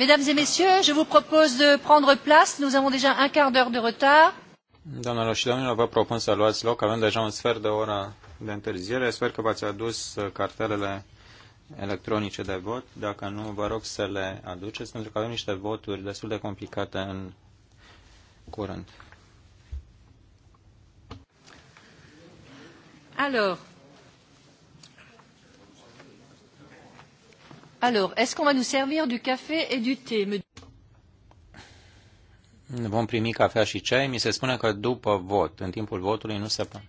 Mesdames et messieurs, je vous propose de prendre place. Nous avons déjà un quart d'heure de retard. Doamnelor și domnilor, vă propun să luați loc. Avem deja un sfert de oră de întârziere. Sper că v-ați adus cartelele electronice de vot. Dacă nu, vă rog să le aduceți, pentru că avem niște voturi destul de complicate în curând. Alors, Alors, est-ce qu'on va nous servir du café et du thé? Vom primi cafea și ceai. Mi se spune că după vot, în timpul votului, nu se poate.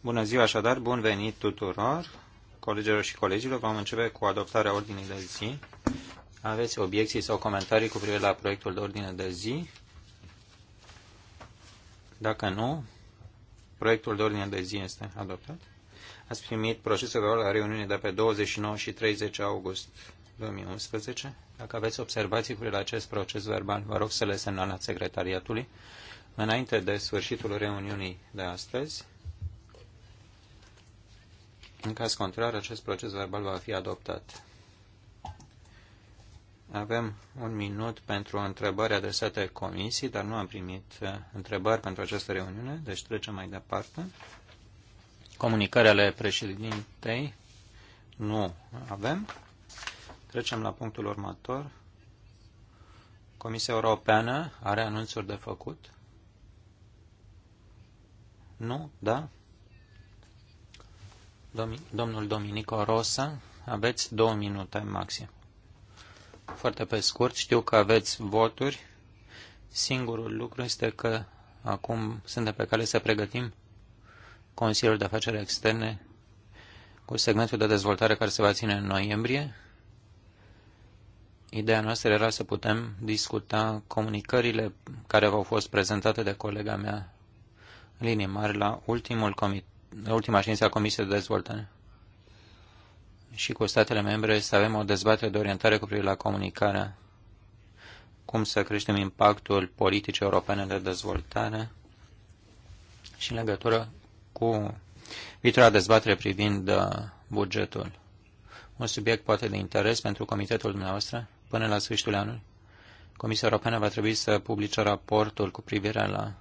Bună ziua, așadar, bun venit tuturor, colegilor și colegilor. Vom începe cu adoptarea ordinii de zi. Aveți obiecții sau comentarii cu privire la proiectul de ordine de zi? Dacă nu, proiectul de ordine de zi este adoptat. Ați primit procesul verbal la reuniune de pe 29 și 30 august 2011. Dacă aveți observații cu acest proces verbal, vă rog să le semnalați secretariatului înainte de sfârșitul reuniunii de astăzi. În caz contrar, acest proces verbal va fi adoptat. Avem un minut pentru întrebări adresate comisiei, dar nu am primit eh, întrebări pentru această reuniune, deci trecem mai departe. Comunicări ale președintei nu avem. Trecem la punctul următor. Comisia Europeană are anunțuri de făcut? Nu? Da? Domnul Dominico Rosa, aveți două minute maxim. Foarte pe scurt, știu că aveți voturi. Singurul lucru este că acum suntem pe cale să pregătim Consiliul de Afaceri Externe cu segmentul de dezvoltare care se va ține în noiembrie. Ideea noastră era să putem discuta comunicările care au fost prezentate de colega mea în linii mari la ultimul comit la ultima ședință a Comisiei de Dezvoltare și cu statele membre să avem o dezbatere de orientare cu privire la comunicarea, cum să creștem impactul politicii europene de dezvoltare și în legătură cu viitoarea dezbatere privind uh, bugetul. Un subiect poate de interes pentru comitetul dumneavoastră până la sfârșitul anului. Comisia Europeană va trebui să publice raportul cu privire la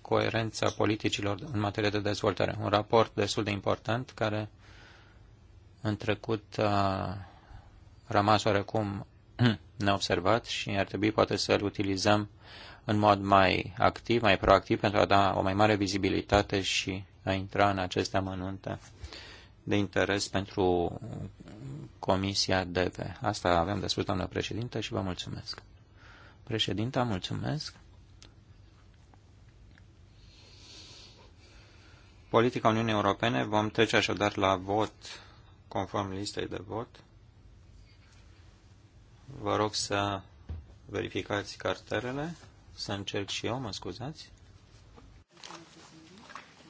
coerența politicilor în materie de dezvoltare. Un raport destul de important care în trecut a uh, rămas oarecum neobservat și ar trebui poate să-l utilizăm în mod mai activ, mai proactiv pentru a da o mai mare vizibilitate și a intra în aceste amănunte de interes pentru Comisia DV. Asta avem de spus, doamnă președinte, și vă mulțumesc. Președinta, mulțumesc. Politica Uniunii Europene, vom trece așadar la vot conform listei de vot. Vă rog să verificați cartelele, să încerc și eu, mă scuzați.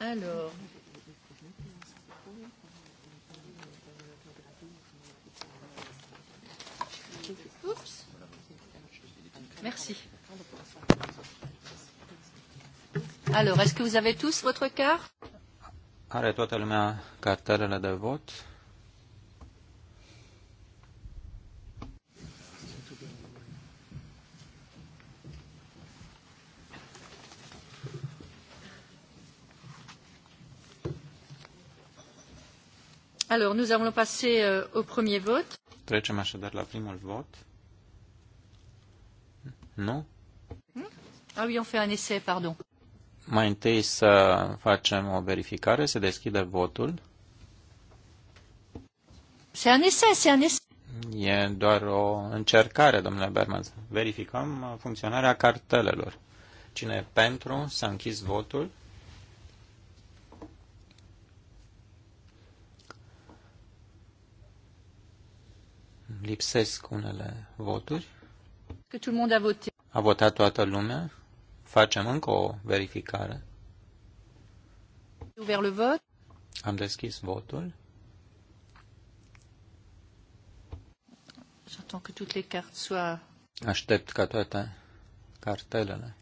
Alors. Oups. Merci. Alors, est-ce que vous avez tous votre carte Are toată lumea cartelele de vot? Alors, nous allons passer euh, au premier vote. Trecem așadar la primul vot. Nu? Hmm? Ah oui, on fait un essai, pardon. Mai întâi să facem o verificare, se deschide votul. C'est un essai, c'est un essai. E doar o încercare, domnule Bermans. Verificăm funcționarea cartelelor. Cine e pentru, să închizi votul. lipsesc unele voturi. Că tout le monde a voté. A votat toată lumea. Facem încă o verificare. Ouvert le vote. Am deschis votul. J'attends que toutes les cartes soient... Aștept ca toate cartelele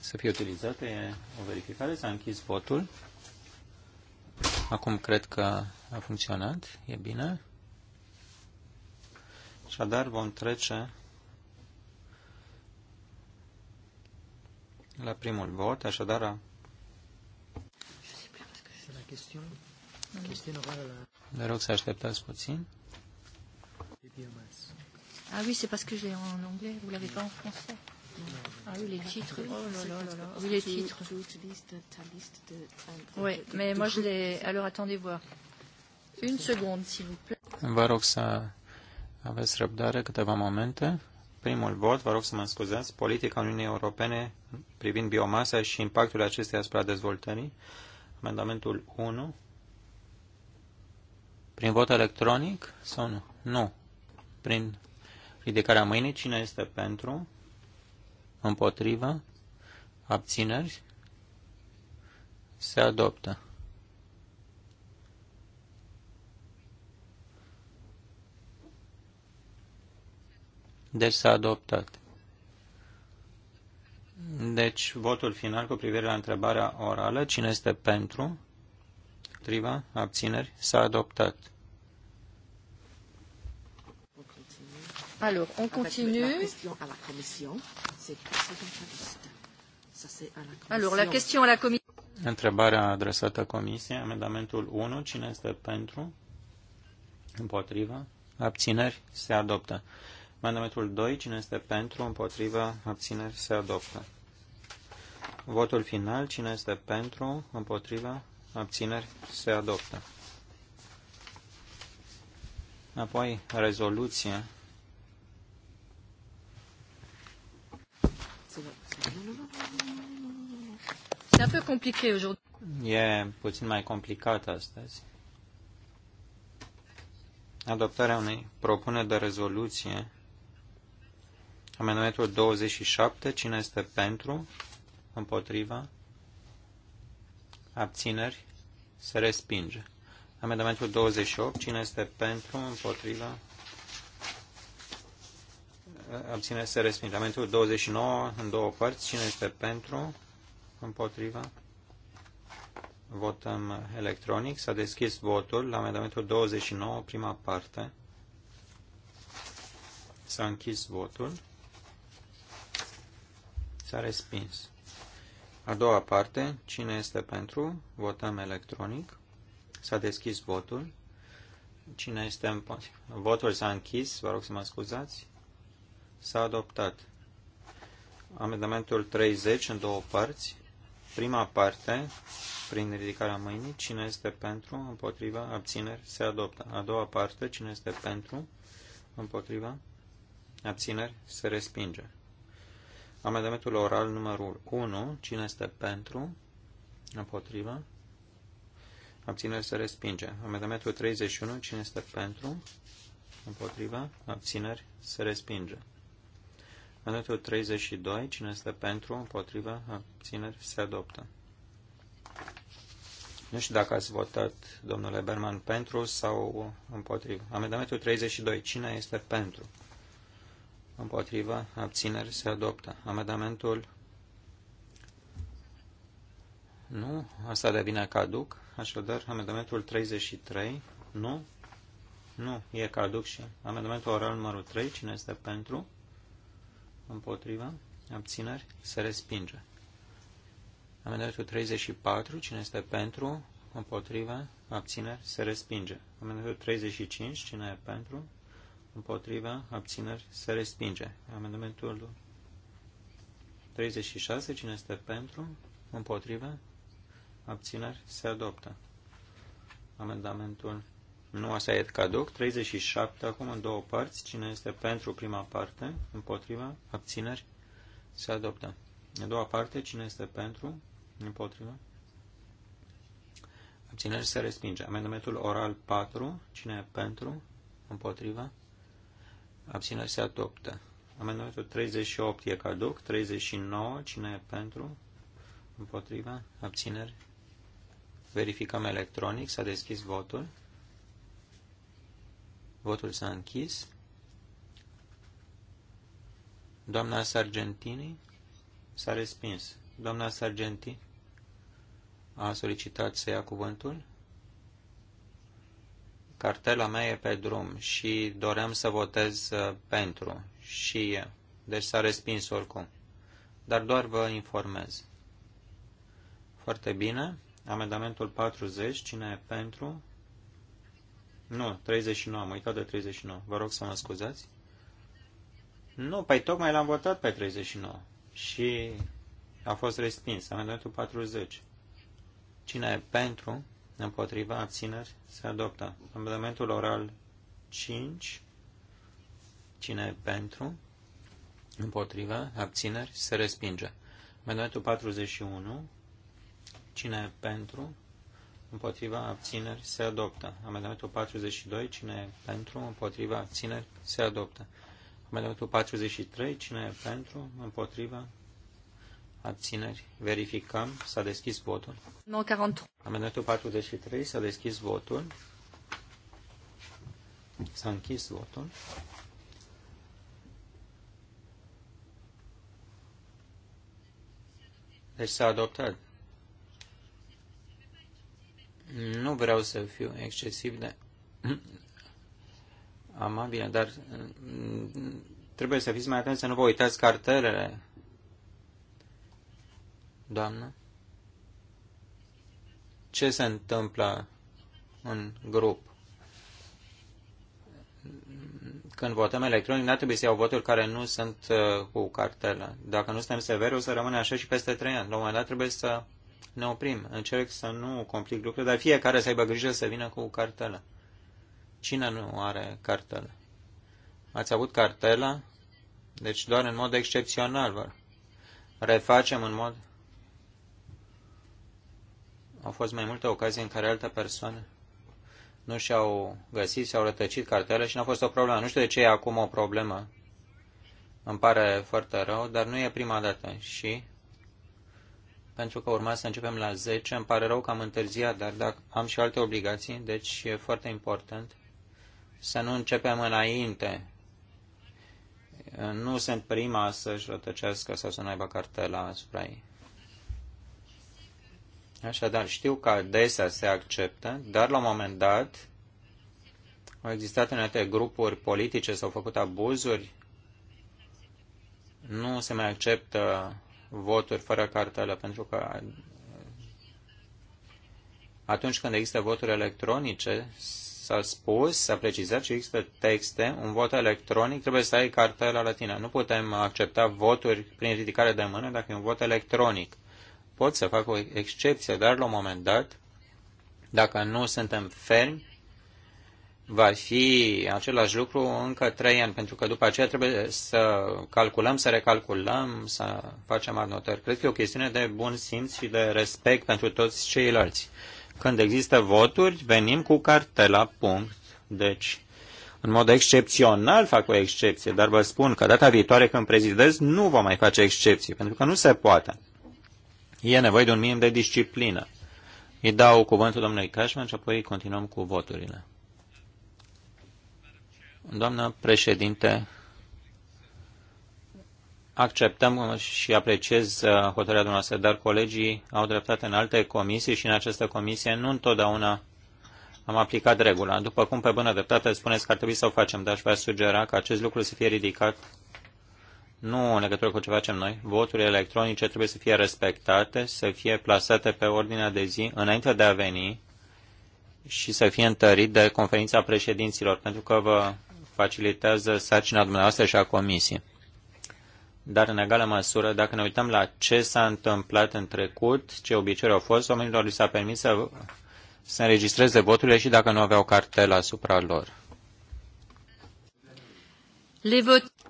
să fie utilizate. E o verificare. S-a închis votul. Acum cred că a funcționat, e bine. Așadar vom trece la primul vot, așadar a... Vă rog să așteptați puțin. Ah oui, c'est parce que je l'ai en anglais, vous l'avez pas en français. Ah oui, les titres. Oh là là là là. Oui, les titres. Oui, mais moi je les. Alors attendez voir. Une seconde, s'il vous plaît. Vă rog să aveți răbdare câteva momente. Primul vot, vă rog să mă scuzați, politica Uniunii Europene privind biomasa și impactul acesteia asupra dezvoltării. Amendamentul 1. Prin vot electronic sau nu? Nu. Prin ridicarea mâinii, cine este pentru? împotrivă, abțineri, se adoptă. Deci s-a adoptat. Deci, votul final cu privire la întrebarea orală, cine este pentru, triva, abțineri, s-a adoptat. Alors, on continue. La Alors, la question à la Întrebarea adresată comisiei, amendamentul 1, cine este pentru? Împotrivă? Abțineri? Se adoptă. Amendamentul 2, cine este pentru? Împotrivă? Abțineri? Se adoptă. Votul final, cine este pentru? Împotrivă? Abțineri? Se adoptă. Apoi, rezoluție un peu compliqué aujourd'hui. E puțin mai complicat astăzi. Adoptarea unei propuneri de rezoluție. Amendamentul 27. Cine este pentru? Împotriva? Abțineri? Se respinge. Amendamentul 28. Cine este pentru? Împotriva? Abțineri? Se respinge. Amendamentul 29 în două părți. Cine este pentru? împotriva. Votăm electronic. S-a deschis votul la amendamentul 29, prima parte. S-a închis votul. S-a respins. A doua parte, cine este pentru? Votăm electronic. S-a deschis votul. Cine este împotriva? Votul s-a închis, vă rog să mă scuzați. S-a adoptat. Amendamentul 30 în două părți. Prima parte, prin ridicarea mâinii, cine este pentru, împotriva, abțineri, se adoptă. A doua parte, cine este pentru, împotriva, abțineri, se respinge. Amendamentul oral numărul 1, cine este pentru, împotriva, abțineri, se respinge. Amendamentul 31, cine este pentru, împotriva, abțineri, se respinge. Mandatul 32, cine este pentru, împotriva, abțineri, se adoptă. Nu știu dacă ați votat, domnule Berman, pentru sau împotriva. Amendamentul 32, cine este pentru? Împotriva, abțineri, se adoptă. Amendamentul nu, asta devine caduc, așadar amendamentul 33, nu, nu, e caduc și amendamentul oral numărul 3, cine este pentru? împotriva, abțineri, se respinge. Amendamentul 34, cine este pentru, împotriva, abțineri, se respinge. Amendamentul 35, cine e pentru, împotriva, abțineri, se respinge. Amendamentul 36, cine este pentru, împotriva, abțineri, se adoptă. Amendamentul nu, asta e caduc. 37 acum în două părți. Cine este pentru prima parte? Împotriva? Abțineri? Se adoptă. A doua parte, cine este pentru? Împotriva? Abțineri se respinge. Amendamentul oral 4. Cine e pentru? Împotriva? Abțineri se adoptă. Amendamentul 38 e caduc. 39. Cine e pentru? Împotriva? Abțineri? Verificăm electronic. S-a deschis votul. Votul s-a închis. Doamna Sargentini s-a respins. Doamna Sargentini a solicitat să ia cuvântul. Cartela mea e pe drum și doream să votez uh, pentru și eu. Deci s-a respins oricum. Dar doar vă informez. Foarte bine. Amendamentul 40. Cine e pentru? Nu, 39, am uitat de 39. Vă rog să mă scuzați. Nu, păi tocmai l-am votat pe 39 și a fost respins. Amendamentul 40. Cine e pentru, împotriva, abțineri, se adoptă. Amendamentul oral 5. Cine e pentru, împotriva, abțineri, se respinge. Amendamentul 41. Cine e pentru, împotriva abțineri se adoptă. Amendamentul 42, cine e pentru, împotriva abțineri se adoptă. Amendamentul 43, cine e pentru, împotriva abțineri. Verificăm, s-a deschis votul. 43. Amendamentul 43, s-a deschis votul. S-a închis votul. Deci s-a adoptat. Nu vreau să fiu excesiv de amabil, dar mm, trebuie să fiți mai atenți să nu vă uitați cartelele. Doamnă? Ce se întâmplă în grup? Când votăm electronic, nu ar trebui să iau voturi care nu sunt uh, cu cartelă. Dacă nu suntem severi, o să rămâne așa și peste trei ani. La un moment dat trebuie să ne oprim. Încerc să nu complic lucrurile, dar fiecare să aibă grijă să vină cu cartelă. Cine nu are cartelă? Ați avut cartelă? Deci doar în mod excepțional, vă refacem în mod... Au fost mai multe ocazii în care alte persoane nu și-au găsit, și-au rătăcit cartele și n-a fost o problemă. Nu știu de ce e acum o problemă. Îmi pare foarte rău, dar nu e prima dată. Și pentru că urma să începem la 10. Îmi pare rău că am întârziat, dar dacă am și alte obligații, deci e foarte important să nu începem înainte. Nu sunt prima să-și rătăcească sau să nu aibă cartela asupra ei. Așadar, știu că adesea se acceptă, dar la un moment dat au existat în alte grupuri politice, s-au făcut abuzuri, nu se mai acceptă voturi fără cartelă, pentru că atunci când există voturi electronice, s-a spus, s-a precizat și există texte, un vot electronic trebuie să ai cartela la tine. Nu putem accepta voturi prin ridicare de mână dacă e un vot electronic. Pot să fac o excepție, dar la un moment dat, dacă nu suntem fermi, va fi același lucru încă trei ani, pentru că după aceea trebuie să calculăm, să recalculăm, să facem anotări. Cred că e o chestiune de bun simț și de respect pentru toți ceilalți. Când există voturi, venim cu cartela, punct. Deci, în mod excepțional fac o excepție, dar vă spun că data viitoare când prezidez nu vom mai face excepții, pentru că nu se poate. E nevoie de un minim de disciplină. Îi dau cuvântul domnului Cashman și apoi continuăm cu voturile. Doamnă președinte, acceptăm și apreciez uh, hotărârea dumneavoastră, dar colegii au dreptate în alte comisii și în această comisie nu întotdeauna am aplicat regula. După cum pe bună dreptate spuneți că ar trebui să o facem, dar aș vrea sugera că acest lucru să fie ridicat nu în legătură cu ce facem noi. Voturile electronice trebuie să fie respectate, să fie plasate pe ordinea de zi înainte de a veni și să fie întărit de conferința președinților, pentru că vă facilitează sarcina dumneavoastră și a comisiei. Dar în egală măsură, dacă ne uităm la ce s-a întâmplat în trecut, ce obiceiuri au fost, oamenilor li s-a permis să, să înregistreze voturile și dacă nu aveau cartel asupra lor.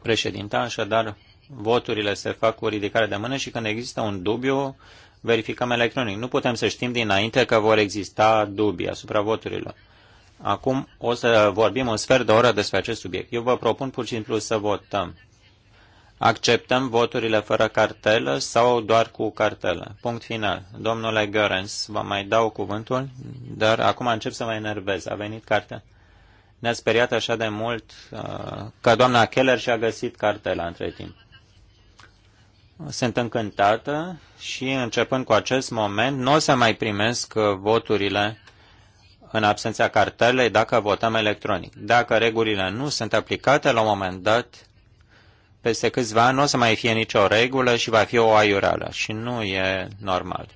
Președinta, așadar, voturile se fac cu ridicare de mână și când există un dubiu, verificăm electronic. Nu putem să știm dinainte că vor exista dubii asupra voturilor. Acum o să vorbim un sfert de oră despre acest subiect. Eu vă propun pur și simplu să votăm. Acceptăm voturile fără cartelă sau doar cu cartelă? Punct final. Domnule Görens, vă mai dau cuvântul, dar acum încep să mă enervez. A venit cartea. Ne-a speriat așa de mult uh, că doamna Keller și-a găsit cartela între timp. Sunt încântată și începând cu acest moment nu o să mai primesc uh, voturile în absența cartelei dacă votăm electronic. Dacă regulile nu sunt aplicate, la un moment dat, peste câțiva ani nu o să mai fie nicio regulă și va fi o aiureală. Și nu e normal.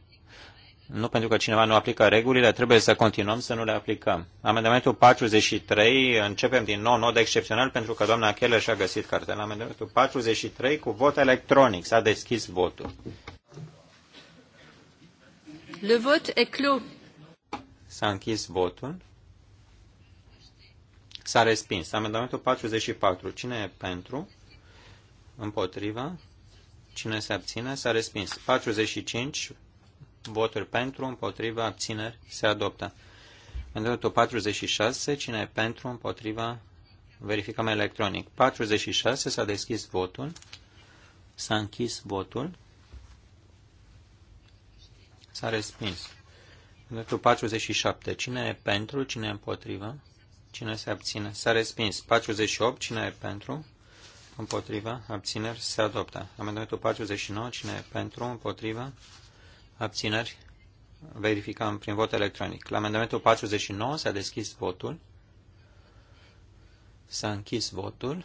Nu pentru că cineva nu aplică regulile, trebuie să continuăm să nu le aplicăm. Amendamentul 43, începem din nou, nod excepțional, pentru că doamna Keller și-a găsit cartela. Amendamentul 43 cu vot electronic. S-a deschis votul. Le vot e clos. S-a închis votul. S-a respins. Amendamentul 44. Cine e pentru? Împotriva? Cine se abține? S-a respins. 45 voturi pentru, împotriva, abțineri, se adoptă. Amendamentul 46. Cine e pentru, împotriva, verificăm electronic. 46. S-a deschis votul. S-a închis votul. S-a respins. Versetul 47. Cine e pentru, cine e împotrivă, cine se abține. S-a respins. 48. Cine e pentru, împotrivă, abțineri, se adoptă. Amendamentul 49. Cine e pentru, împotrivă, abțineri, verificăm prin vot electronic. La amendamentul 49 s-a deschis votul. S-a închis votul.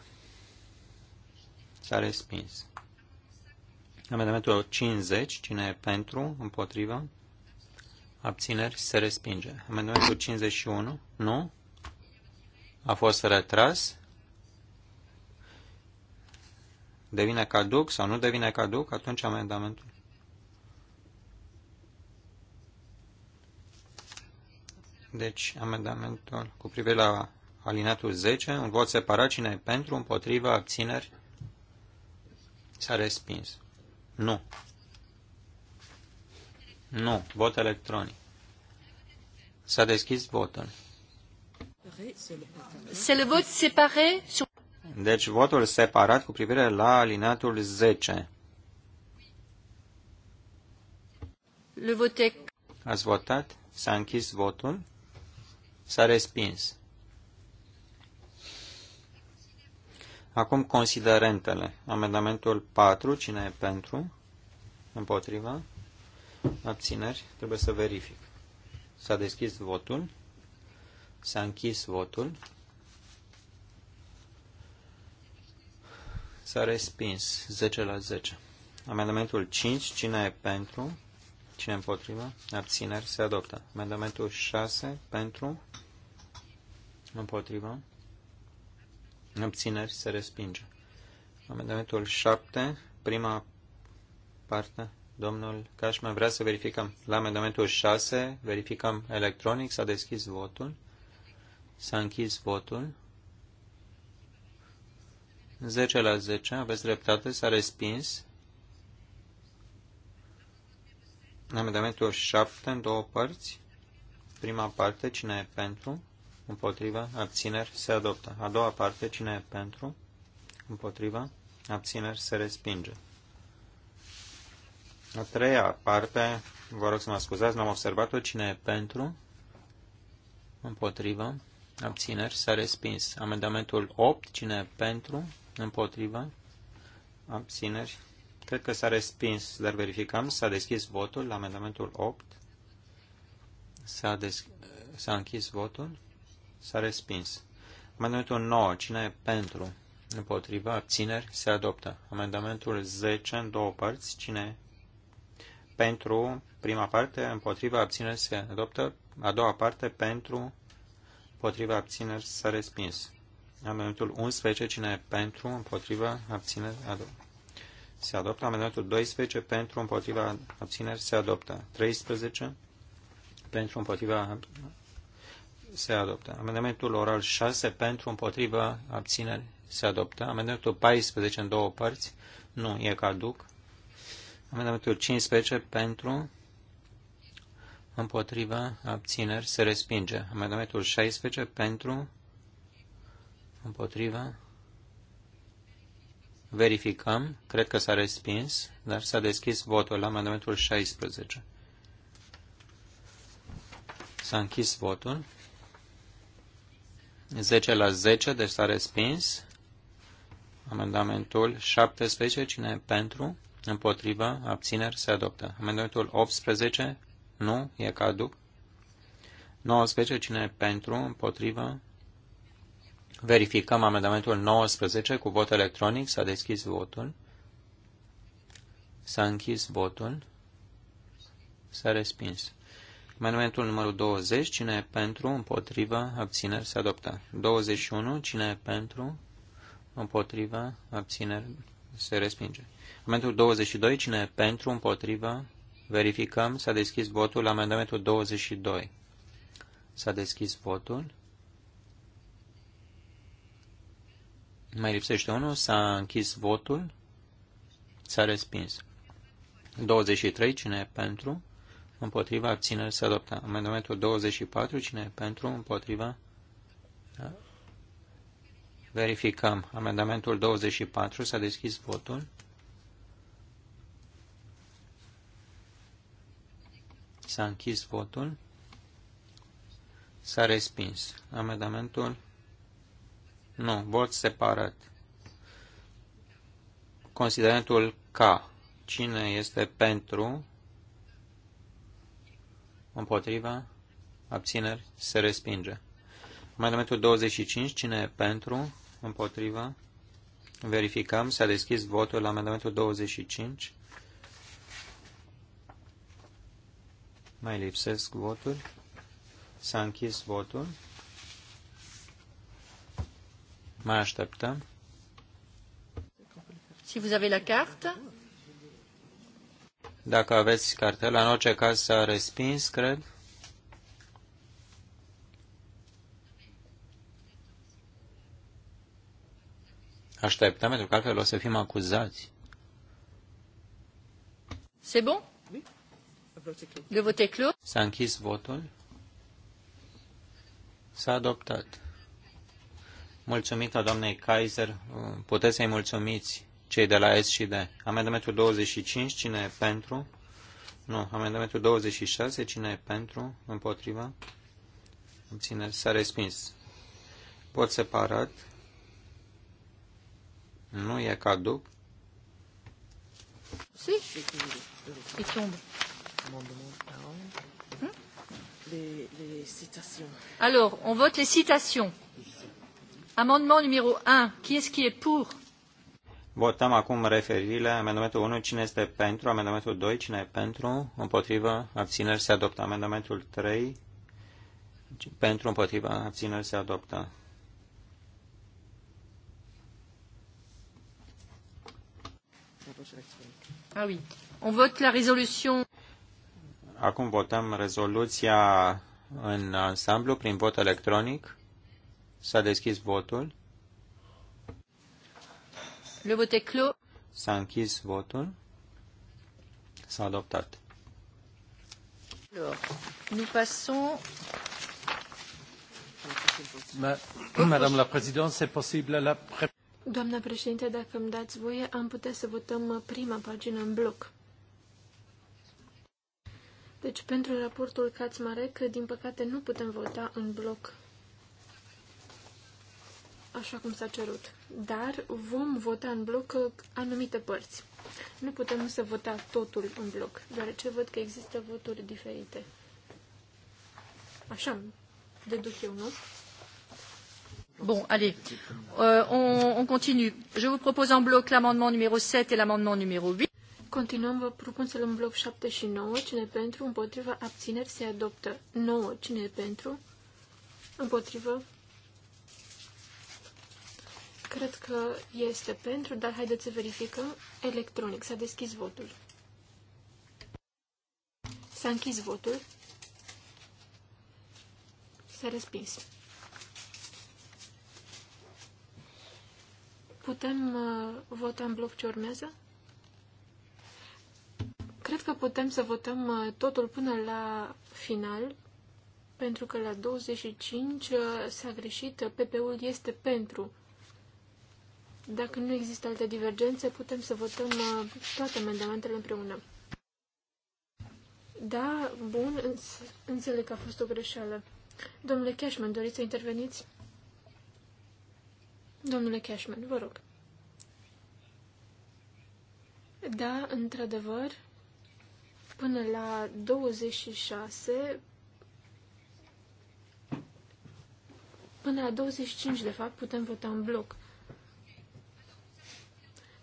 S-a respins. Amendamentul 50. Cine e pentru, împotrivă, Abțineri se respinge. Amendamentul 51. Nu. A fost retras. Devine caduc sau nu devine caduc, atunci amendamentul. Deci, amendamentul cu privire la alineatul 10, un vot separat, cine e pentru, împotriva, abțineri, s-a respins. Nu. Nu, vot electronic. S-a deschis votul. Se le vot Deci votul separat cu privire la alineatul 10. Le vote. Ați votat? S-a închis votul? S-a respins. Acum considerentele. Amendamentul 4, cine e pentru? Împotriva? abțineri, trebuie să verific. S-a deschis votul, s-a închis votul, s-a respins 10 la 10. Amendamentul 5, cine e pentru, cine împotrivă, abțineri, se adoptă. Amendamentul 6, pentru, împotrivă, abțineri, se respinge. Amendamentul 7, prima parte, Domnul Cașman vrea să verificăm. La amendamentul 6 verificăm electronic. S-a deschis votul. S-a închis votul. 10 la 10. Aveți dreptate. S-a respins. Amendamentul 7 în două părți. Prima parte, cine e pentru? Împotriva. Abțineri. Se adoptă. A doua parte, cine e pentru? Împotriva. Abțineri. Se respinge. A treia parte, vă rog să mă scuzați, n-am observat-o. Cine e pentru? Împotrivă. Abțineri. S-a respins. Amendamentul 8. Cine e pentru? Împotrivă. Abțineri. Cred că s-a respins, dar verificăm. S-a deschis votul la amendamentul 8. S-a, des... închis votul. S-a respins. Amendamentul 9. Cine e pentru? împotrivă, Abțineri. Se adoptă. Amendamentul 10 în două părți. Cine e pentru prima parte, împotriva abțineri se adoptă, a doua parte pentru, împotriva abțineri s-a respins. Amendamentul 11, cine e pentru, împotriva abțineri adoptă. Se adoptă amendamentul 12 pentru împotriva abțineri se adoptă. 13 pentru împotriva se adoptă. Amendamentul oral 6 pentru împotriva abțineri se adoptă. Amendamentul 14 în două părți nu e caduc. Amendamentul 15 pentru, împotriva, abțineri, se respinge. Amendamentul 16 pentru, împotriva, verificăm, cred că s-a respins, dar s-a deschis votul la amendamentul 16. S-a închis votul. 10 la 10, deci s-a respins. Amendamentul 17, cine e pentru? Împotrivă, abțineri, se adoptă. Amendamentul 18, nu, e caduc. 19, cine e pentru, împotrivă. Verificăm amendamentul 19 cu vot electronic. S-a deschis votul. S-a închis votul. S-a respins. Amendamentul numărul 20, cine e pentru, împotrivă, abțineri, se adoptă. 21, cine e pentru, împotrivă, abțineri, se respinge. Amendamentul 22, cine e pentru, împotrivă, verificăm, s-a deschis votul, amendamentul 22. S-a deschis votul. Mai lipsește unul, s-a închis votul, s-a respins. 23, cine e pentru, împotriva, abțineri, se adoptă. Amendamentul 24, cine e pentru, împotriva, Verificăm. Amendamentul 24. S-a deschis votul. S-a închis votul. S-a respins. Amendamentul. Nu. Vot separat. Considerentul K. Cine este pentru? Împotriva? Abțineri? Se respinge. Amendamentul 25. Cine e pentru? împotriva, verificăm, s-a deschis votul la amendamentul 25. Mai lipsesc votul. S-a închis votul. Mai așteptăm. Si vous avez la carte. Dacă aveți cartela, în orice caz s-a respins, cred. așteptăm, pentru că altfel o să fim acuzați. C'est bon? De vote clos? S-a închis votul. S-a adoptat. Mulțumită doamnei Kaiser, puteți să-i mulțumiți cei de la S și D. Amendamentul 25, cine e pentru? Nu, amendamentul 26, cine e pentru? Împotriva? Abțineri, s-a respins. Vot separat, nu e caduc. Si. Il tombe. Hmm? Alors, on vote les citations. Amendement numéro 1. Qui est-ce qui est pour? Votăm acum referirile. Amendamentul 1. Cine este pentru? Amendamentul 2. Cine e pentru? Împotrivă? Abțineri se adoptă. Amendamentul 3. Pentru, împotrivă, abțineri se adoptă. Ah oui. On vote la résolution. Acum votăm rezoluția în ansamblu prin vot electronic. S-a deschis votul. Le vote clos. S-a închis votul. S-a adoptat. Alors, nous passons Madame la Présidente, c'est possible la Doamna președinte, dacă îmi dați voie, am putea să votăm prima pagină în bloc. Deci, pentru raportul Cațmarec, din păcate, nu putem vota în bloc așa cum s-a cerut. Dar vom vota în bloc anumite părți. Nu putem să vota totul în bloc, deoarece văd că există voturi diferite. Așa, deduc eu, nu? Bon, allez, euh, on, on continue. Je vous propose en bloc l'amendement numéro 7 et l'amendement numéro 8. Continuăm, vă propun să luăm bloc 7 și 9. Cine pentru, împotriva, abțineri, se adoptă. 9. Cine pentru, împotrivă, Cred că este pentru, dar haideți să verificăm. Electronic. S-a deschis votul. S-a închis votul. S-a respins. Putem uh, vota în bloc ce urmează? Cred că putem să votăm uh, totul până la final, pentru că la 25 uh, s-a greșit, PP-ul este pentru. Dacă nu există alte divergențe, putem să votăm toate amendamentele împreună. Da, bun, înțeleg că a fost o greșeală. Domnule Cashman, doriți să interveniți? Domnule Cashman, vă rog. Da, într-adevăr, până la 26, până la 25, de fapt, putem vota în bloc.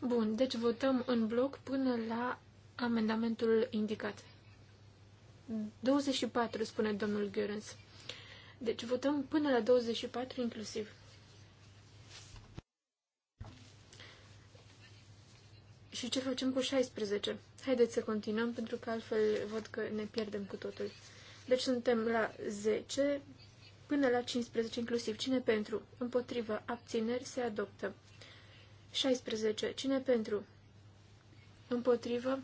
Bun, deci votăm în bloc până la amendamentul indicat. 24, spune domnul Görens. Deci votăm până la 24 inclusiv. Și ce facem cu 16? Haideți să continuăm, pentru că altfel văd că ne pierdem cu totul. Deci suntem la 10 până la 15 inclusiv. Cine pentru? Împotrivă. Abțineri se adoptă. 16. Cine pentru? Împotrivă.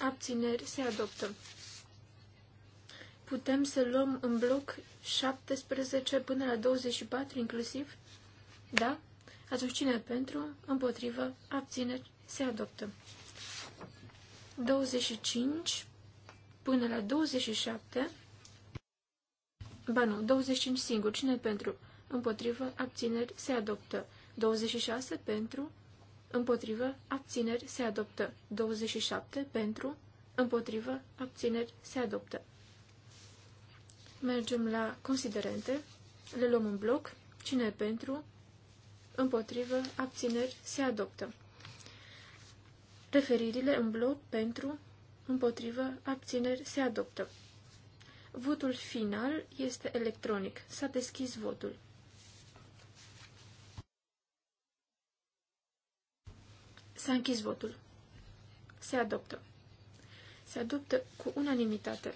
Abțineri se adoptă. Putem să luăm în bloc 17 până la 24 inclusiv? Da? Atunci cine pentru? Împotrivă. Abțineri se adoptă. 25 până la 27, ba nu, 25 singur, cine pentru, împotrivă, abțineri, se adoptă. 26 pentru, împotrivă, abțineri, se adoptă. 27 pentru, împotrivă, abțineri, se adoptă. Mergem la considerente, le luăm în bloc, cine pentru, împotrivă, abțineri, se adoptă. Referirile în bloc pentru, împotrivă, abțineri se adoptă. Votul final este electronic. S-a deschis votul. S-a închis votul. Se adoptă. Se adoptă cu unanimitate.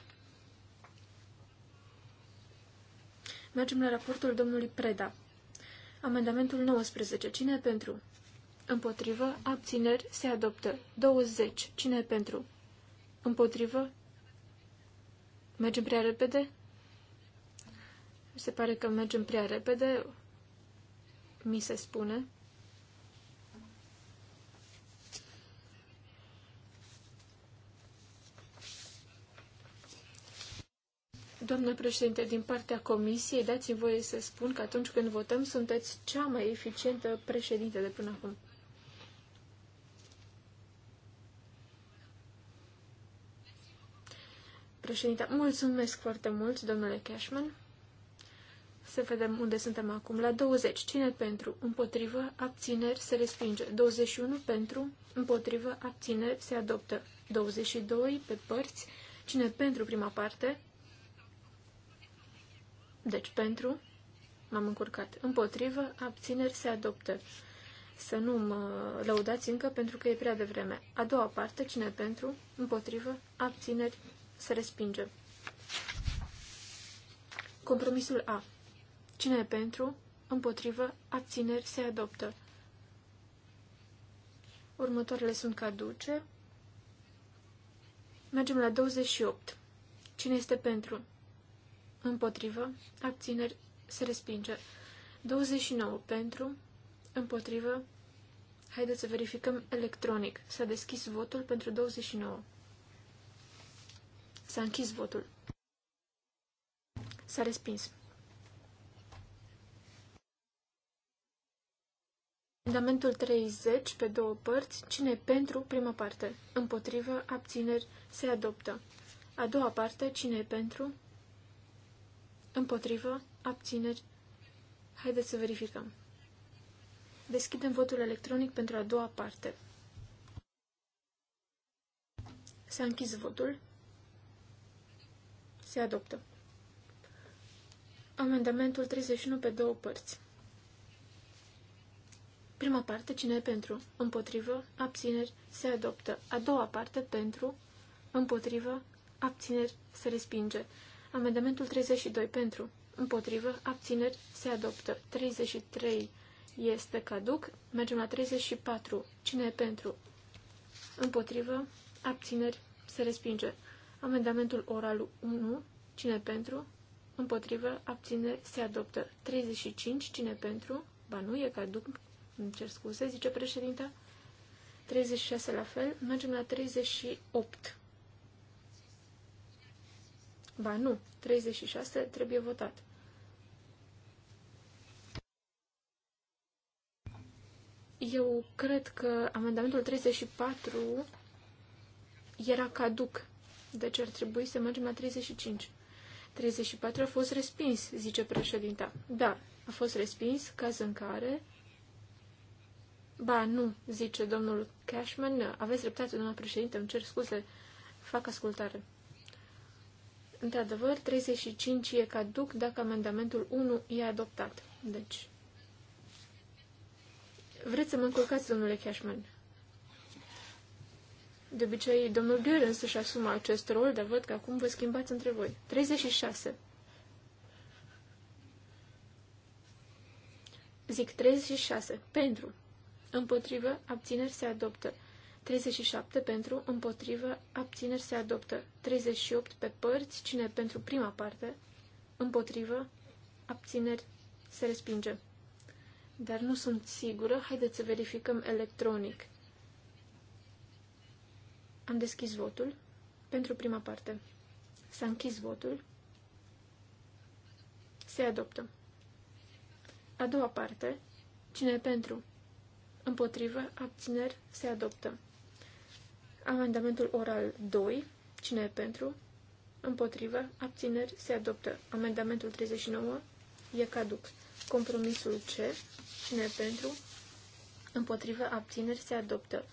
Mergem la raportul domnului Preda. Amendamentul 19. Cine pentru? Împotrivă. Abțineri. Se adoptă. 20. Cine e pentru? Împotrivă. Mergem prea repede? Se pare că mergem prea repede. Mi se spune. Doamnă președinte, din partea comisiei, dați-mi voie să spun că atunci când votăm sunteți cea mai eficientă președinte de până acum. președinte. Mulțumesc foarte mult, domnule Cashman. Să vedem unde suntem acum. La 20. Cine pentru? Împotrivă. Abțineri. Se respinge. 21 pentru. Împotrivă. Abțineri. Se adoptă. 22 pe părți. Cine pentru prima parte? Deci pentru. M-am încurcat. Împotrivă. Abțineri. Se adoptă. Să nu mă lăudați încă pentru că e prea devreme. A doua parte. Cine pentru? Împotrivă. Abțineri. Se respinge. Compromisul A. Cine e pentru, împotrivă, abțineri, se adoptă. Următoarele sunt caduce. Mergem la 28. Cine este pentru? Împotrivă, abțineri, se respinge. 29. Pentru, împotrivă, haideți să verificăm electronic. S-a deschis votul pentru 29. S-a închis votul. S-a respins. Amendamentul 30 pe două părți, cine pentru prima parte, împotrivă, abțineri, se adoptă. A doua parte, cine pentru, împotrivă, abțineri. Haideți să verificăm. Deschidem votul electronic pentru a doua parte. S-a închis votul. Se adoptă. Amendamentul 31 pe două părți. Prima parte, cine e pentru? Împotrivă, abțineri, se adoptă. A doua parte, pentru, împotrivă, abțineri, se respinge. Amendamentul 32, pentru, împotrivă, abțineri, se adoptă. 33 este caduc. Mergem la 34. Cine e pentru? Împotrivă, abțineri, se respinge. Amendamentul oral 1. Cine pentru? Împotrivă. abține, Se adoptă. 35. Cine pentru? Ba nu, e caduc. Îmi cer scuze, zice președinta. 36 la fel. Mergem la 38. Ba nu, 36 trebuie votat. Eu cred că amendamentul 34 era caduc deci ar trebui să mergem la 35. 34 a fost respins, zice președinta. Da, a fost respins, caz în care... Ba, nu, zice domnul Cashman. Aveți dreptate, doamna președinte, îmi cer scuze. Fac ascultare. Într-adevăr, 35 e caduc dacă amendamentul 1 e adoptat. Deci... Vreți să mă încurcați, domnule Cashman? De obicei, domnul să-și asumă acest rol, dar văd că acum vă schimbați între voi. 36. Zic 36. Pentru. Împotrivă, abțineri se adoptă. 37 pentru, împotrivă, abțineri se adoptă. 38 pe părți, cine pentru prima parte, împotrivă, abțineri se respinge. Dar nu sunt sigură, haideți să verificăm electronic. Am deschis votul pentru prima parte. S-a închis votul. Se adoptă. A doua parte. Cine pentru? Împotrivă, abțineri, se adoptă. Amendamentul oral 2. Cine e pentru? Împotrivă, abțineri, se adoptă. Amendamentul 39 e caduc. Compromisul C. Cine e pentru? Împotrivă, abțineri, se adoptă.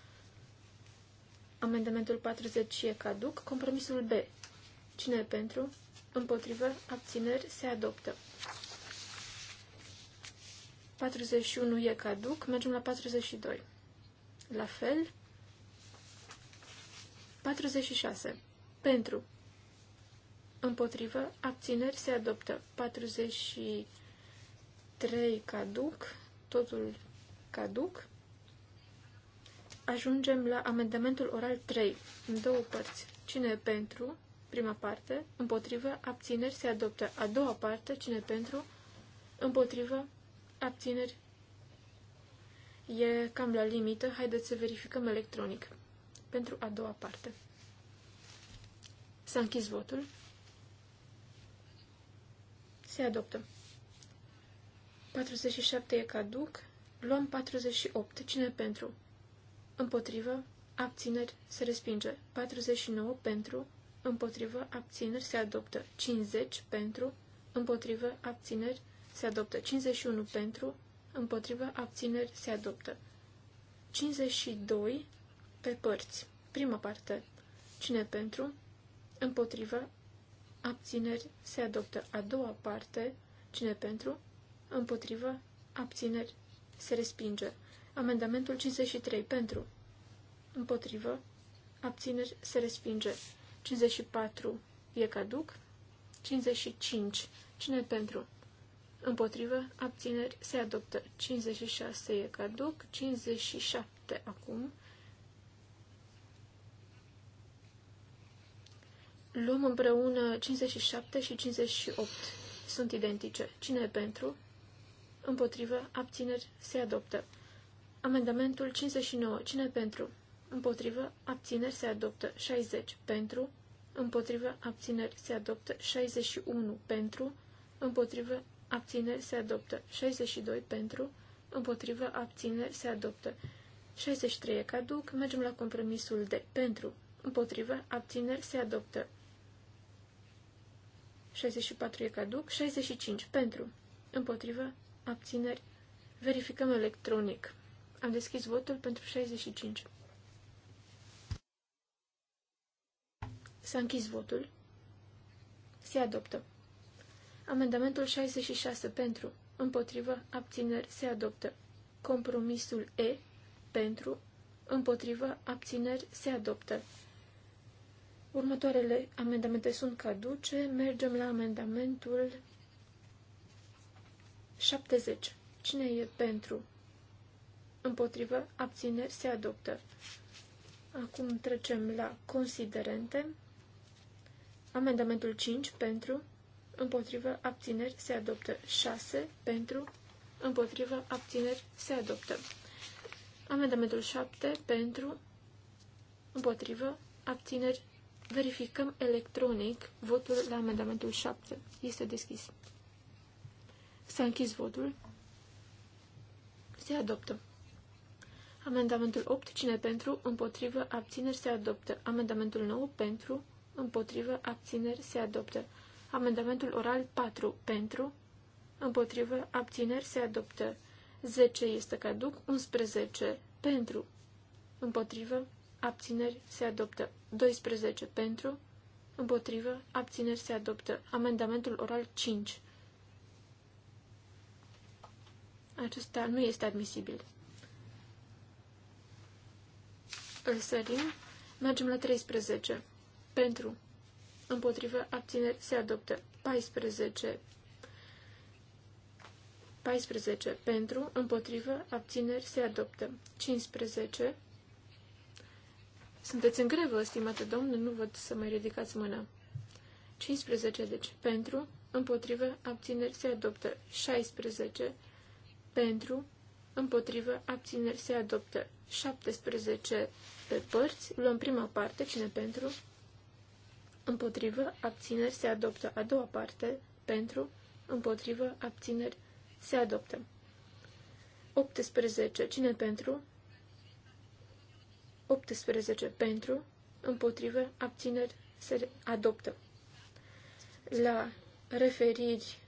Amendamentul 40 e caduc. Compromisul B. Cine e pentru? Împotrivă. Abțineri. Se adoptă. 41 e caduc. Mergem la 42. La fel. 46. Pentru. Împotrivă. Abțineri. Se adoptă. 43 caduc. Totul caduc ajungem la amendamentul oral 3, în două părți. Cine e pentru? Prima parte. Împotrivă. Abțineri. Se adoptă. A doua parte. Cine e pentru? Împotrivă. Abțineri. E cam la limită. Haideți să verificăm electronic. Pentru a doua parte. S-a închis votul. Se adoptă. 47 e caduc. Luăm 48. Cine pentru? împotrivă, abțineri, se respinge. 49 pentru, împotrivă, abțineri, se adoptă. 50 pentru, împotrivă, abțineri, se adoptă. 51 pentru, împotrivă, abțineri, se adoptă. 52 pe părți. Prima parte. Cine pentru? Împotrivă. Abțineri se adoptă. A doua parte. Cine pentru? Împotrivă. Abțineri se respinge. Amendamentul 53 pentru. Împotrivă. Abțineri se respinge. 54 e caduc. 55. Cine pentru? Împotrivă. Abțineri se adoptă. 56 e caduc. 57 acum. Luăm împreună 57 și 58. Sunt identice. Cine pentru? Împotrivă. Abțineri se adoptă. Amendamentul 59. Cine pentru? Împotrivă. Abțineri se adoptă. 60. Pentru. Împotrivă. Abțineri se adoptă. 61. Pentru. Împotrivă. Abțineri se adoptă. 62. Pentru. Împotrivă. Abțineri se adoptă. 63 e caduc. Mergem la compromisul de pentru. Împotrivă. Abțineri se adoptă. 64 e caduc. 65. Pentru. Împotrivă. Abțineri. Verificăm electronic. Am deschis votul pentru 65. S-a închis votul. Se adoptă. Amendamentul 66 pentru, împotrivă, abțineri, se adoptă. Compromisul E pentru, împotrivă, abțineri, se adoptă. Următoarele amendamente sunt caduce. Mergem la amendamentul 70. Cine e pentru? împotrivă, abțineri, se adoptă. Acum trecem la considerente. Amendamentul 5 pentru, împotrivă, abțineri, se adoptă. 6 pentru, împotrivă, abțineri, se adoptă. Amendamentul 7 pentru, împotrivă, abțineri, verificăm electronic votul la amendamentul 7. Este deschis. S-a închis votul. Se adoptă. Amendamentul 8. Cine pentru? Împotrivă. Abțineri se adoptă. Amendamentul 9. Pentru. Împotrivă. Abțineri se adoptă. Amendamentul oral 4. Pentru. Împotrivă. Abțineri se adoptă. 10 este caduc. 11. Pentru. Împotrivă. Abțineri se adoptă. 12. Pentru. Împotrivă. Abțineri se adoptă. Amendamentul oral 5. Acesta nu este admisibil. îl sărim. Mergem la 13. Pentru. Împotrivă. Abțineri. Se adoptă. 14. 14. Pentru. Împotrivă. Abțineri. Se adoptă. 15. Sunteți în grevă, stimate domn, nu văd să mai ridicați mâna. 15, deci, pentru, împotrivă, abțineri, se adoptă. 16, pentru, împotrivă, abțineri, se adoptă. 17, pe părți, luăm prima parte, cine pentru, împotrivă, abțineri, se adoptă. A doua parte, pentru, împotrivă, abțineri, se adoptă. 18. Cine pentru? 18. Pentru, împotrivă, abțineri, se adoptă. La referiri,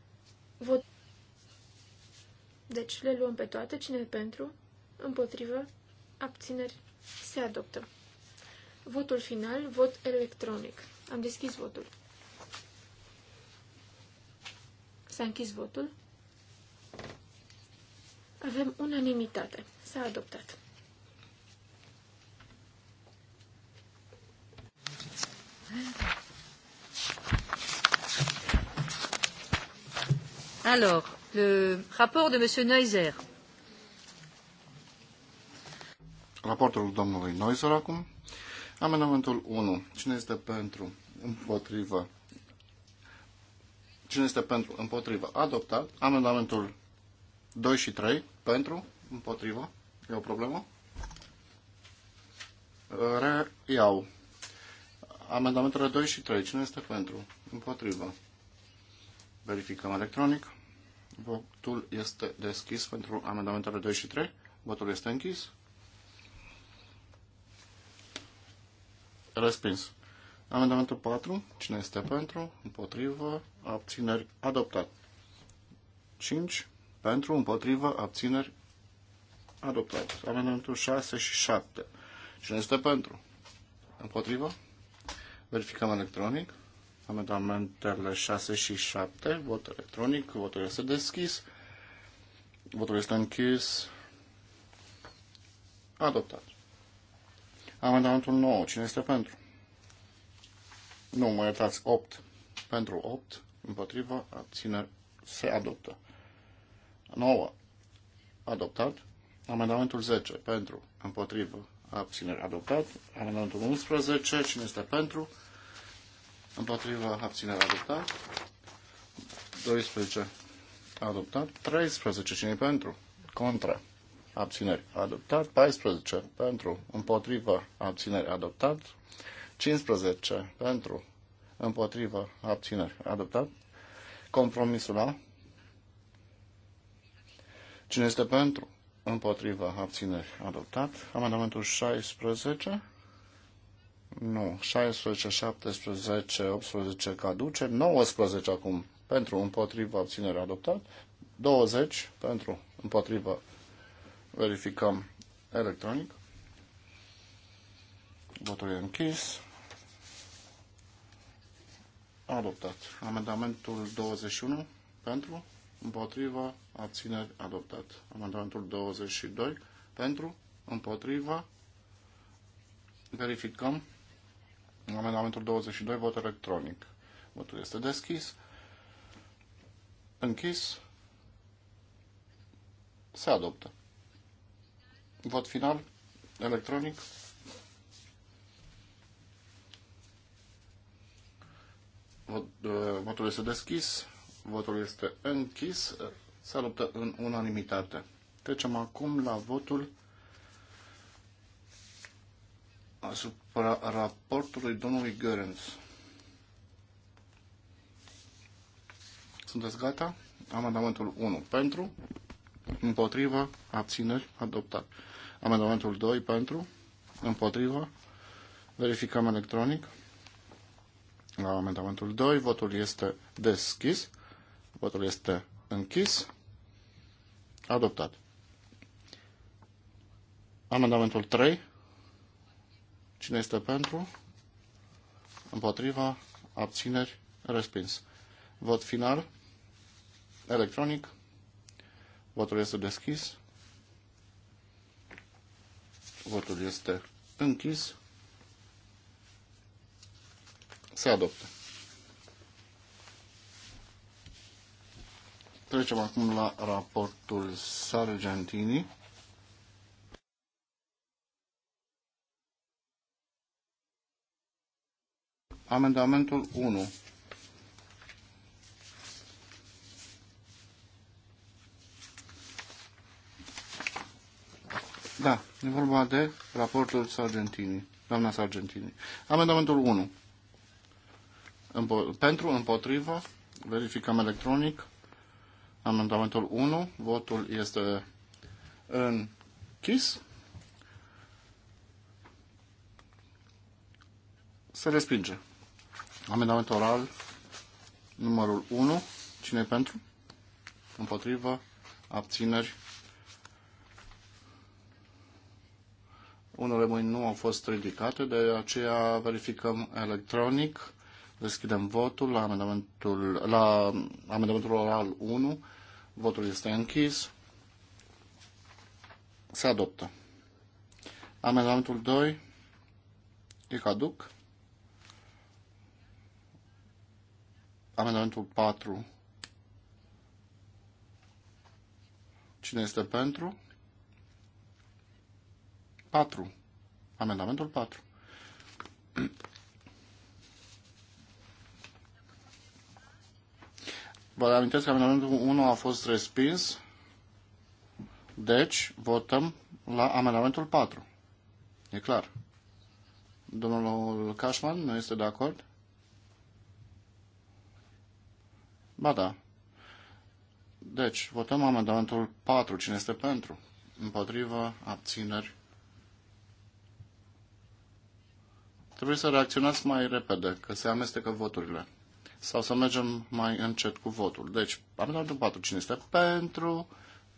vot. Deci le luăm pe toate. Cine pentru? Împotrivă, abțineri, se adoptă. Votul final, vot electronic. Am deschis votul. S-a închis votul. Avem unanimitate. S-a adoptat. Alors, le rapport de M. Neuser. Raportul domnului Noizor acum. Amendamentul 1. Cine este pentru? Împotrivă. Cine este pentru? Împotrivă. Adoptat. Amendamentul 2 și 3. Pentru? Împotrivă. E o problemă? Reiau. Amendamentele 2 și 3. Cine este pentru? Împotrivă. Verificăm electronic. Votul este deschis pentru amendamentele 2 și 3. Votul este închis. Respins. Amendamentul 4. Cine este pentru? Împotrivă. Abțineri. Adoptat. 5. Pentru, împotrivă, abțineri. Adoptat. Amendamentul 6 și 7. Cine este pentru? Împotrivă. Verificăm electronic. Amendamentele 6 și 7. Vot electronic. Votul este deschis. Votul este închis. Adoptat. Amendamentul 9. Cine este pentru? Nu, mă iertați. 8. Pentru 8. Împotriva. Abțineri. Se adoptă. 9. Adoptat. Amendamentul 10. Pentru. Împotrivă. Abțineri. Adoptat. Amendamentul 11. Cine este pentru? Împotrivă. Abțineri. Adoptat. 12. Adoptat. 13. Cine e pentru? Contra abțineri adoptat, 14 pentru, împotrivă, abțineri adoptat, 15 pentru, împotrivă, abțineri adoptat, compromisul A, cine este pentru, împotrivă, abțineri adoptat, amendamentul 16, nu, 16, 17, 18 caduce, 19 acum pentru, împotrivă, abținere adoptat, 20 pentru, împotrivă, Verificăm electronic. Votul e închis. Adoptat. Amendamentul 21 pentru, împotriva, abțineri, adoptat. Amendamentul 22 pentru, împotriva, verificăm. Amendamentul 22, vot electronic. Votul este deschis. Închis. Se adoptă. Vot final, electronic. Vot, uh, votul este deschis, votul este închis, se adoptă în unanimitate. Trecem acum la votul asupra raportului domnului Görens. Sunteți gata? Amendamentul 1 pentru, împotriva, abțineri, adoptat. Amendamentul 2 pentru, împotrivă, verificăm electronic. La amendamentul 2, votul este deschis, votul este închis, adoptat. Amendamentul 3, cine este pentru, împotriva, abțineri, respins. Vot final, electronic, votul este deschis, Votul este închis. Se adoptă. Trecem acum la raportul Sargentini. Amendamentul 1. Da, e vorba de raportul Sargentini, doamna Sargentini. Amendamentul 1. Împo- pentru, împotrivă, verificăm electronic. Amendamentul 1, votul este închis. Se respinge. Amendament oral numărul 1. Cine pentru? Împotrivă? Abțineri? Unele mâini nu au fost ridicate, de aceea verificăm electronic. Deschidem votul la amendamentul, la amendamentul oral 1. Votul este închis. Se adoptă. Amendamentul 2 e caduc. Amendamentul 4. Cine este pentru? 4. Amendamentul 4. Vă amintesc că amendamentul 1 a fost respins. Deci, votăm la amendamentul 4. E clar. Domnul Cashman nu este de acord? Ba da. Deci, votăm amendamentul 4. Cine este pentru? Împotrivă, abțineri, Trebuie să reacționați mai repede, că se amestecă voturile. Sau să mergem mai încet cu votul. Deci, un 4, cine este pentru,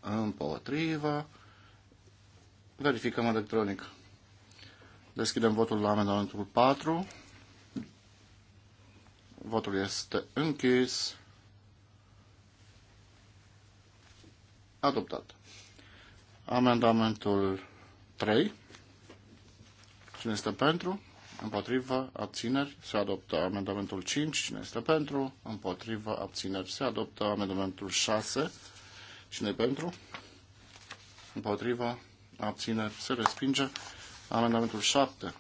împotrivă, verificăm electronic. Deschidem votul la amendamentul 4. Votul este închis. Adoptat. Amendamentul 3. Cine este pentru? împotrivă, abțineri, se adoptă amendamentul 5, cine este pentru, împotrivă, abțineri, se adoptă amendamentul 6, cine este pentru, împotrivă, abțineri, se respinge, amendamentul 7,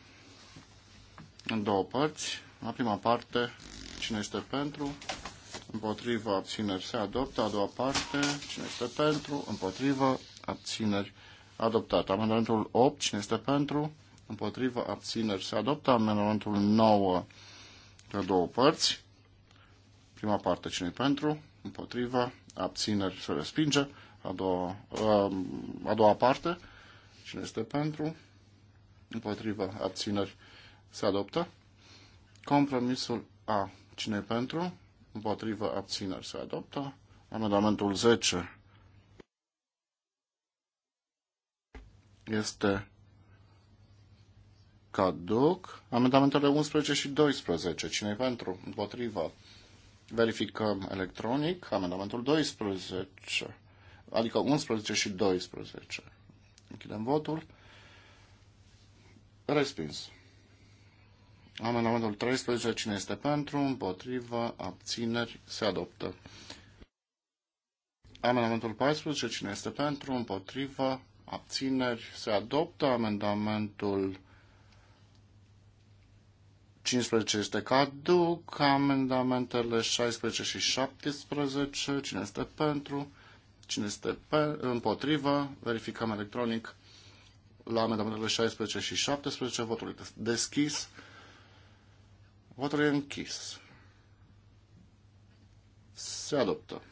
în două părți, la prima parte, cine este pentru, împotrivă, abțineri, se adoptă, a doua parte, cine este pentru, împotrivă, abțineri, adoptat. Amendamentul 8, cine este pentru, împotrivă, abțineri. Se adoptă amendamentul 9 pe două părți. Prima parte, cine pentru, împotriva, abțineri, se respinge. A doua, um, a doua parte, cine este pentru, împotriva, abțineri, se adoptă. Compromisul A, cine pentru, împotriva, abțineri, se adoptă. Amendamentul 10 este caduc. Amendamentele 11 și 12. cine pentru? Împotrivă. Verificăm electronic. Amendamentul 12. Adică 11 și 12. Închidem votul. Respins. Amendamentul 13. Cine este pentru? Împotrivă. Abțineri. Se adoptă. Amendamentul 14. Cine este pentru? Împotrivă. Abțineri. Se adoptă. Amendamentul 15 este caduc, amendamentele 16 și 17, cine este pentru, cine este pe, împotrivă, verificăm electronic la amendamentele 16 și 17, votul este deschis, votul e închis. Se adoptă.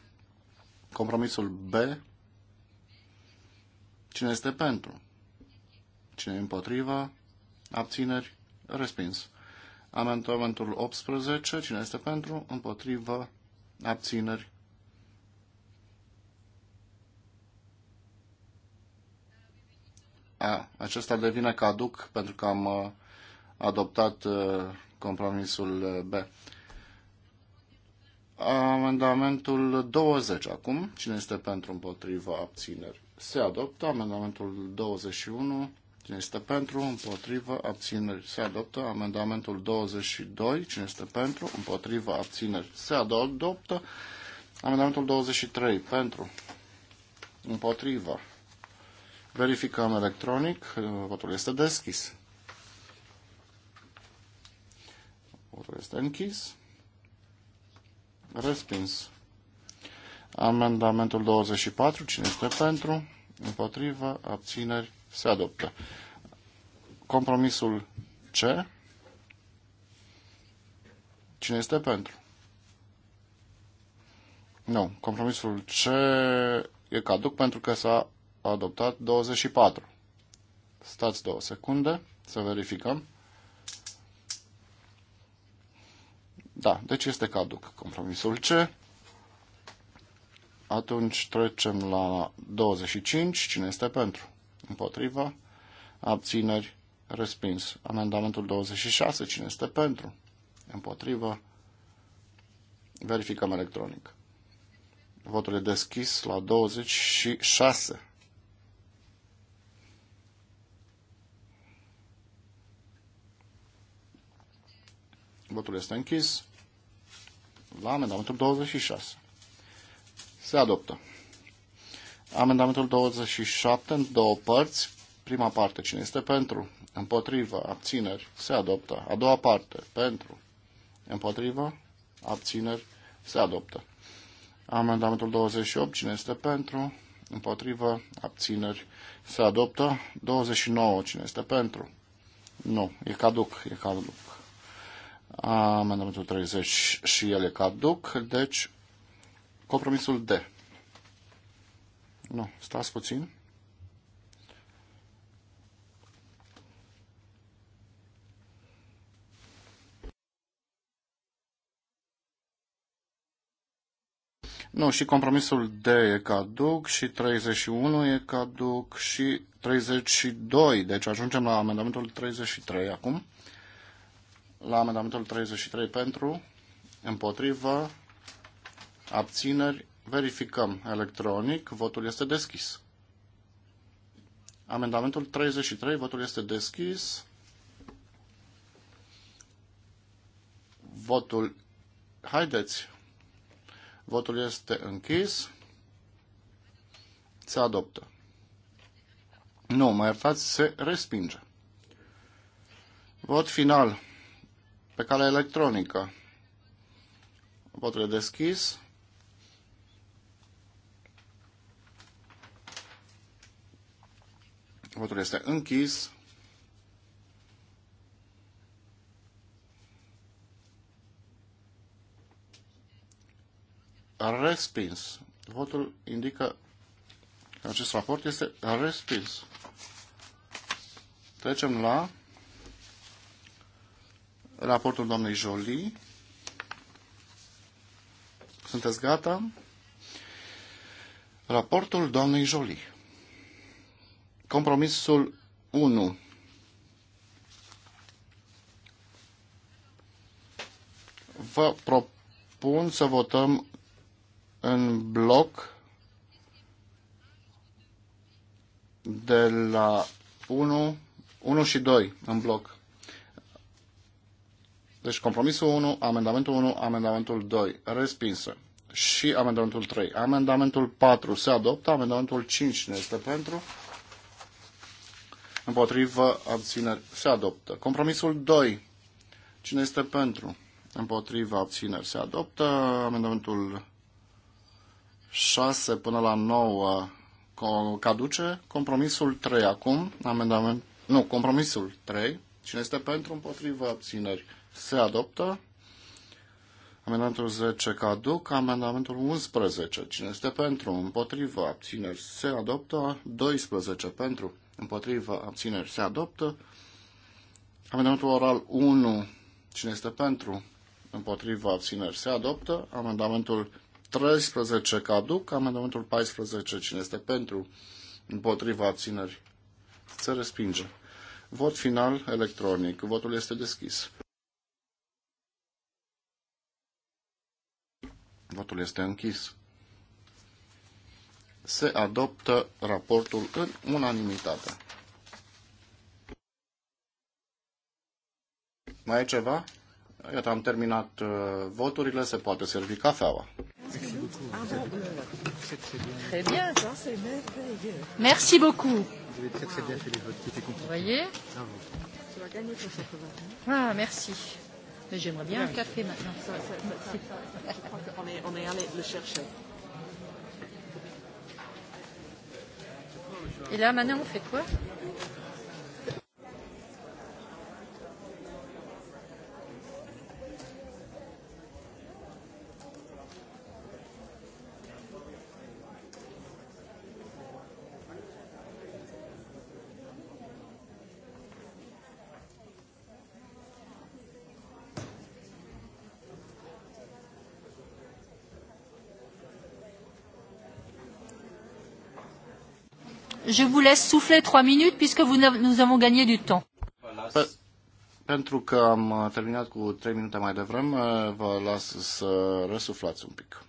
Compromisul B, cine este pentru, cine împotrivă, abțineri, respins. Amendamentul 18. Cine este pentru? Împotrivă. Abțineri. A, acesta devine caduc pentru că am uh, adoptat uh, compromisul uh, B. Amendamentul 20 acum. Cine este pentru împotriva abțineri? Se adoptă. Amendamentul 21. Cine este pentru, împotrivă, abțineri, se adoptă. Amendamentul 22. Cine este pentru, împotrivă, abțineri, se adoptă. Amendamentul 23. Pentru, împotrivă. Verificăm electronic. Votul este deschis. Votul este închis. Respins. Amendamentul 24. Cine este pentru? Împotrivă. Abțineri. Se adoptă. Compromisul C. Cine este pentru? Nu. Compromisul C e caduc pentru că s-a adoptat 24. Stați două secunde să verificăm. Da, deci este caduc compromisul C. Atunci trecem la 25. Cine este pentru? împotrivă, abțineri, respins. Amendamentul 26, cine este pentru, împotrivă, verificăm electronic. Votul e deschis la 26. Votul este închis la amendamentul 26. Se adoptă. Amendamentul 27 în două părți. Prima parte, cine este pentru? Împotrivă, abțineri, se adoptă. A doua parte, pentru, împotrivă, abțineri, se adoptă. Amendamentul 28, cine este pentru? Împotrivă, abțineri, se adoptă. 29, cine este pentru? Nu, e caduc, e caduc. Amendamentul 30 și el e caduc, deci compromisul D. Nu, stați puțin. Nu, și compromisul D e caduc și 31 e caduc și 32. Deci ajungem la amendamentul 33 acum. La amendamentul 33 pentru, împotrivă, abțineri, Verificăm electronic. Votul este deschis. Amendamentul 33. Votul este deschis. Votul. Haideți. Votul este închis. Se adoptă. Nu, mai iertați, se respinge. Vot final pe cale electronică. Votul e deschis. Votul este închis. Respins. Votul indică că acest raport este respins. Trecem la raportul doamnei Jolie. Sunteți gata? Raportul doamnei Jolie. Compromisul 1. Vă propun să votăm în bloc de la 1, 1 și 2 în bloc. Deci compromisul 1, amendamentul 1, amendamentul 2, respinsă. Și amendamentul 3. Amendamentul 4 se adoptă, amendamentul 5 ne este pentru. Împotrivă, abțineri, se adoptă. Compromisul 2. Cine este pentru? Împotrivă, abțineri, se adoptă. Amendamentul 6 până la 9 caduce. Compromisul 3 acum. Amendament... Nu, compromisul 3. Cine este pentru? Împotrivă, abțineri, se adoptă. Amendamentul 10 caduc, amendamentul 11. Cine este pentru? Împotrivă, abțineri, se adoptă. 12 pentru, împotrivă, abțineri, se adoptă. Amendamentul oral 1, cine este pentru, împotrivă, abțineri, se adoptă. Amendamentul 13, caduc. Amendamentul 14, cine este pentru, împotrivă, abțineri, se respinge. Vot final electronic. Votul este deschis. Votul este închis se adoptă raportul în unanimitate. Mai e ceva? Iată, am terminat uh, voturile, se poate servi cafeaua. Merci beaucoup. Ah, merci. Mais j'aimerais bien un café maintenant. Ça, ça, ça, ça, ça, je crois qu'on est, est allé le chercher. Et là, maintenant, on fait quoi Je vous laisse souffler trois minutes puisque vous, nous avons gagné du temps. pentru că am uh, terminat cu trei minute mai devreme, uh, vă las să răsuflați un pic.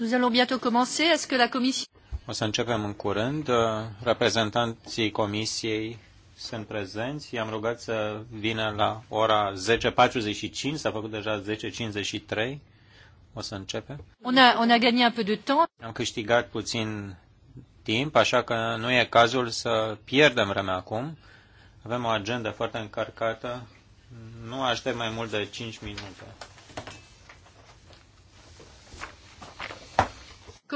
Nous allons bientôt commencer. Est-ce que la commission... O să începem în curând. Reprezentanții comisiei sunt prezenți. I-am rugat să vină la ora 10.45, s-a făcut deja 10.53. O să începem. On a, on a gagné un peu de temps. Am câștigat puțin timp, așa că nu e cazul să pierdem vremea acum. Avem o agendă foarte încărcată. Nu aștept mai mult de 5 minute.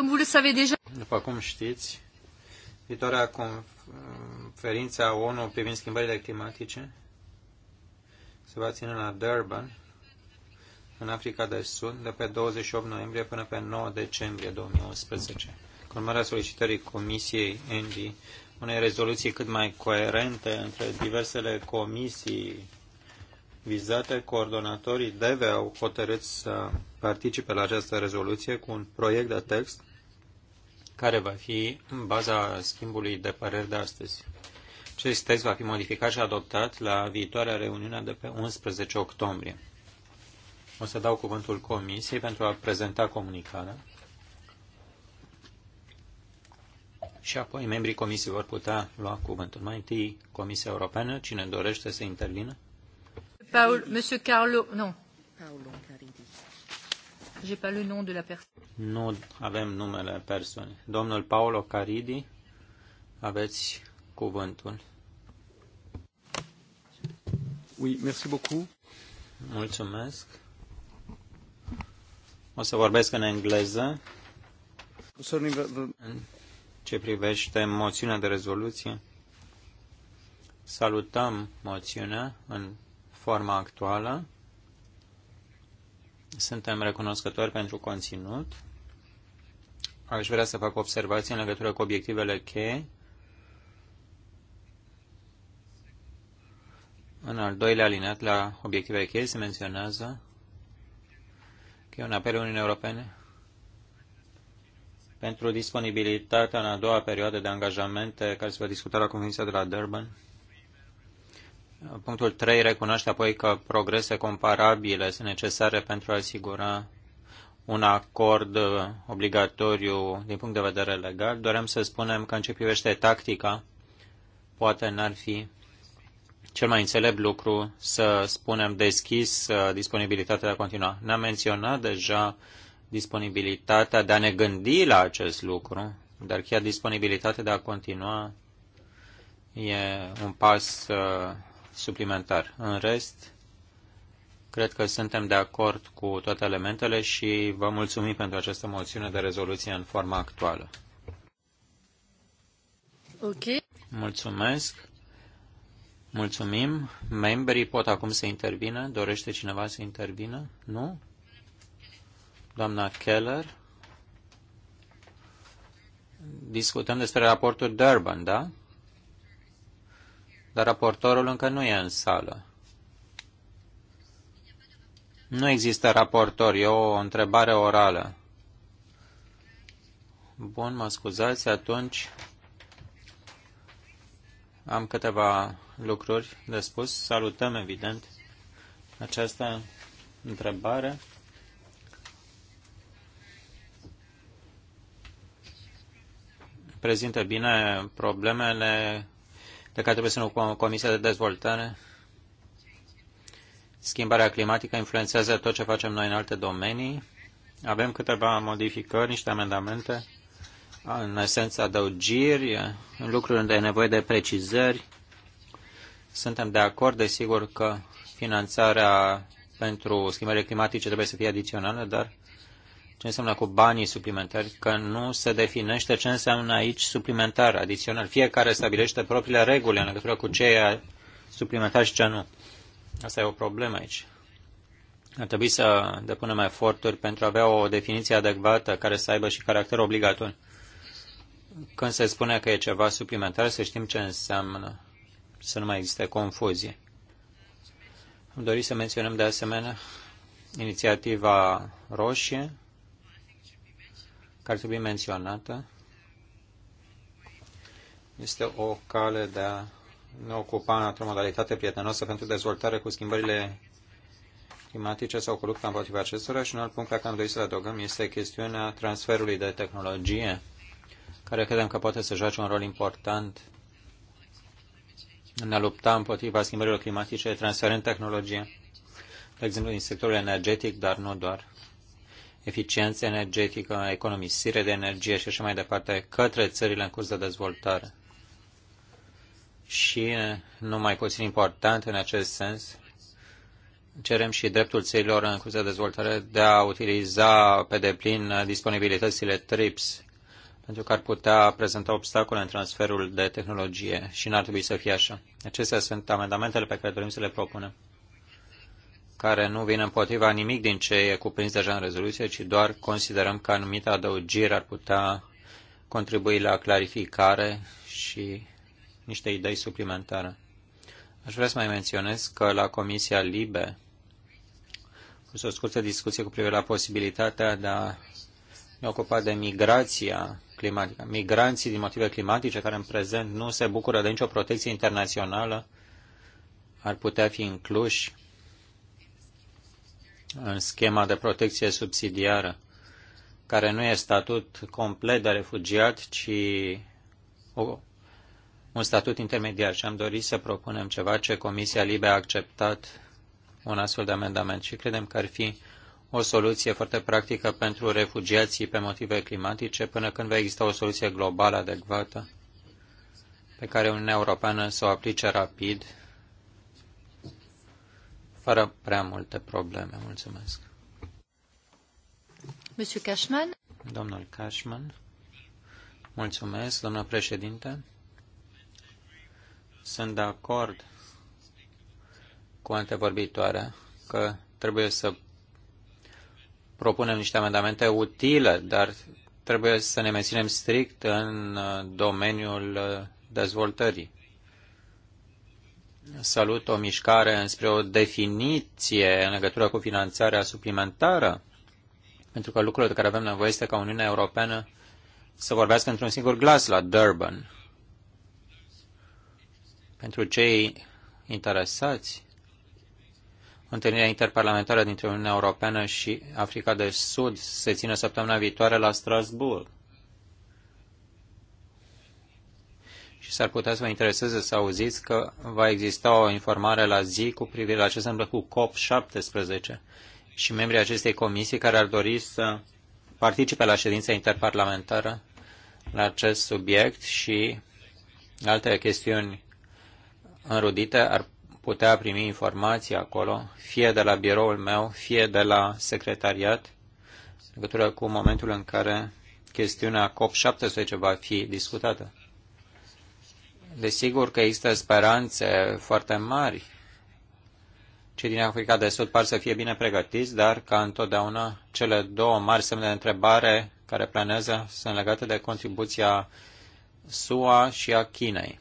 Comme vous le savez déjà... După cum știți, viitoarea conferință a ONU privind schimbările climatice se va ține la Durban, în Africa de Sud, de pe 28 noiembrie până pe 9 decembrie 2011. Cu urmarea solicitării Comisiei ENVI unei rezoluții cât mai coerente între diversele comisii vizate, coordonatorii DEVE au hotărât să participe la această rezoluție cu un proiect de text care va fi baza schimbului de păreri de astăzi. Acest text va fi modificat și adoptat la viitoarea reuniune de pe 11 octombrie. O să dau cuvântul Comisiei pentru a prezenta comunicarea și apoi membrii Comisiei vor putea lua cuvântul. Mai întâi Comisia Europeană, cine dorește să intervină? Paul, Monsieur Carlo, nu. Paul, Carinti. J'ai pas le nom de la personne. Nu avem numele persoanei. Domnul Paolo Caridi, aveți cuvântul. Oui, merci beaucoup. Mulțumesc. O să vorbesc în engleză. În ce privește moțiunea de rezoluție, salutăm moțiunea în forma actuală suntem recunoscători pentru conținut. Aș vrea să fac observații în legătură cu obiectivele cheie. În al doilea alineat la obiectivele cheie se menționează că e un apel Uniunii Europene pentru disponibilitatea în a doua perioadă de angajamente care se va discuta la conferința de la Durban Punctul 3 recunoaște apoi că progrese comparabile sunt necesare pentru a asigura un acord obligatoriu din punct de vedere legal. Dorem să spunem că în ce privește tactica, poate n-ar fi cel mai înțelept lucru să spunem deschis uh, disponibilitatea de a continua. ne am menționat deja disponibilitatea de a ne gândi la acest lucru, dar chiar disponibilitatea de a continua e un pas uh, suplimentar. În rest, cred că suntem de acord cu toate elementele și vă mulțumim pentru această moțiune de rezoluție în forma actuală. Ok. Mulțumesc. Mulțumim. Membrii pot acum să intervină. Dorește cineva să intervină? Nu? Doamna Keller. Discutăm despre raportul Durban, da? dar raportorul încă nu e în sală. Nu există raportor, e o întrebare orală. Bun, mă scuzați, atunci am câteva lucruri de spus. Salutăm, evident, această întrebare. Prezintă bine problemele de care trebuie să ne ocupăm Comisia de Dezvoltare. Schimbarea climatică influențează tot ce facem noi în alte domenii. Avem câteva modificări, niște amendamente, în esență adăugiri, în lucruri unde e nevoie de precizări. Suntem de acord, desigur, că finanțarea pentru schimbările climatice trebuie să fie adițională, dar ce înseamnă cu banii suplimentari, că nu se definește ce înseamnă aici suplimentar, adițional. Fiecare stabilește propriile reguli în legătură cu ce e suplimentar și ce nu. Asta e o problemă aici. Ar trebui să depunem eforturi pentru a avea o definiție adecvată care să aibă și caracter obligatoriu. Când se spune că e ceva suplimentar, să știm ce înseamnă, să nu mai existe confuzie. Am dorit să menționăm de asemenea inițiativa roșie, care trebuie menționată este o cale de a ne ocupa într-o modalitate prietenoasă pentru dezvoltare cu schimbările climatice sau cu lupta împotriva acestora și un alt punct pe care am dorit să-l adăugăm este chestiunea transferului de tehnologie, care credem că poate să joace un rol important în a lupta împotriva schimbărilor climatice, transferând tehnologie, de exemplu, din sectorul energetic, dar nu doar eficiență energetică, economisire de energie și așa mai departe către țările în curs de dezvoltare. Și, nu mai puțin important în acest sens, cerem și dreptul țărilor în curs de dezvoltare de a utiliza pe deplin disponibilitățile TRIPS, pentru că ar putea prezenta obstacole în transferul de tehnologie și n-ar trebui să fie așa. Acestea sunt amendamentele pe care dorim să le propunem care nu vin împotriva nimic din ce e cuprins deja în rezoluție, ci doar considerăm că anumite adăugiri ar putea contribui la clarificare și niște idei suplimentare. Aș vrea să mai menționez că la Comisia Libe a fost o scurtă discuție cu privire la posibilitatea de a ne ocupa de migrația climatică. Migranții din motive climatice care în prezent nu se bucură de nicio protecție internațională ar putea fi incluși în schema de protecție subsidiară, care nu e statut complet de refugiat, ci o, un statut intermediar. Și am dorit să propunem ceva ce Comisia Libe a acceptat un astfel de amendament și credem că ar fi o soluție foarte practică pentru refugiații pe motive climatice până când va exista o soluție globală adecvată pe care Uniunea Europeană să o aplice rapid fără prea multe probleme. Mulțumesc. Monsieur Cashman. Domnul Cashman. Mulțumesc, domnule președinte. Sunt de acord cu antevorbitoarea că trebuie să propunem niște amendamente utile, dar trebuie să ne menținem strict în uh, domeniul uh, dezvoltării salut o mișcare înspre o definiție în legătură cu finanțarea suplimentară, pentru că lucrul de care avem nevoie este ca Uniunea Europeană să vorbească într-un singur glas la Durban. Pentru cei interesați, întâlnirea interparlamentară dintre Uniunea Europeană și Africa de Sud se ține săptămâna viitoare la Strasbourg. și s-ar putea să vă intereseze să auziți că va exista o informare la zi cu privire la ce se întâmplă cu COP17 și membrii acestei comisii care ar dori să participe la ședința interparlamentară la acest subiect și alte chestiuni înrudite ar putea primi informații acolo, fie de la biroul meu, fie de la secretariat, în legătură cu momentul în care chestiunea COP17 va fi discutată. Desigur că există speranțe foarte mari. Cei din Africa de Sud par să fie bine pregătiți, dar ca întotdeauna cele două mari semne de întrebare care planează sunt legate de contribuția SUA și a Chinei.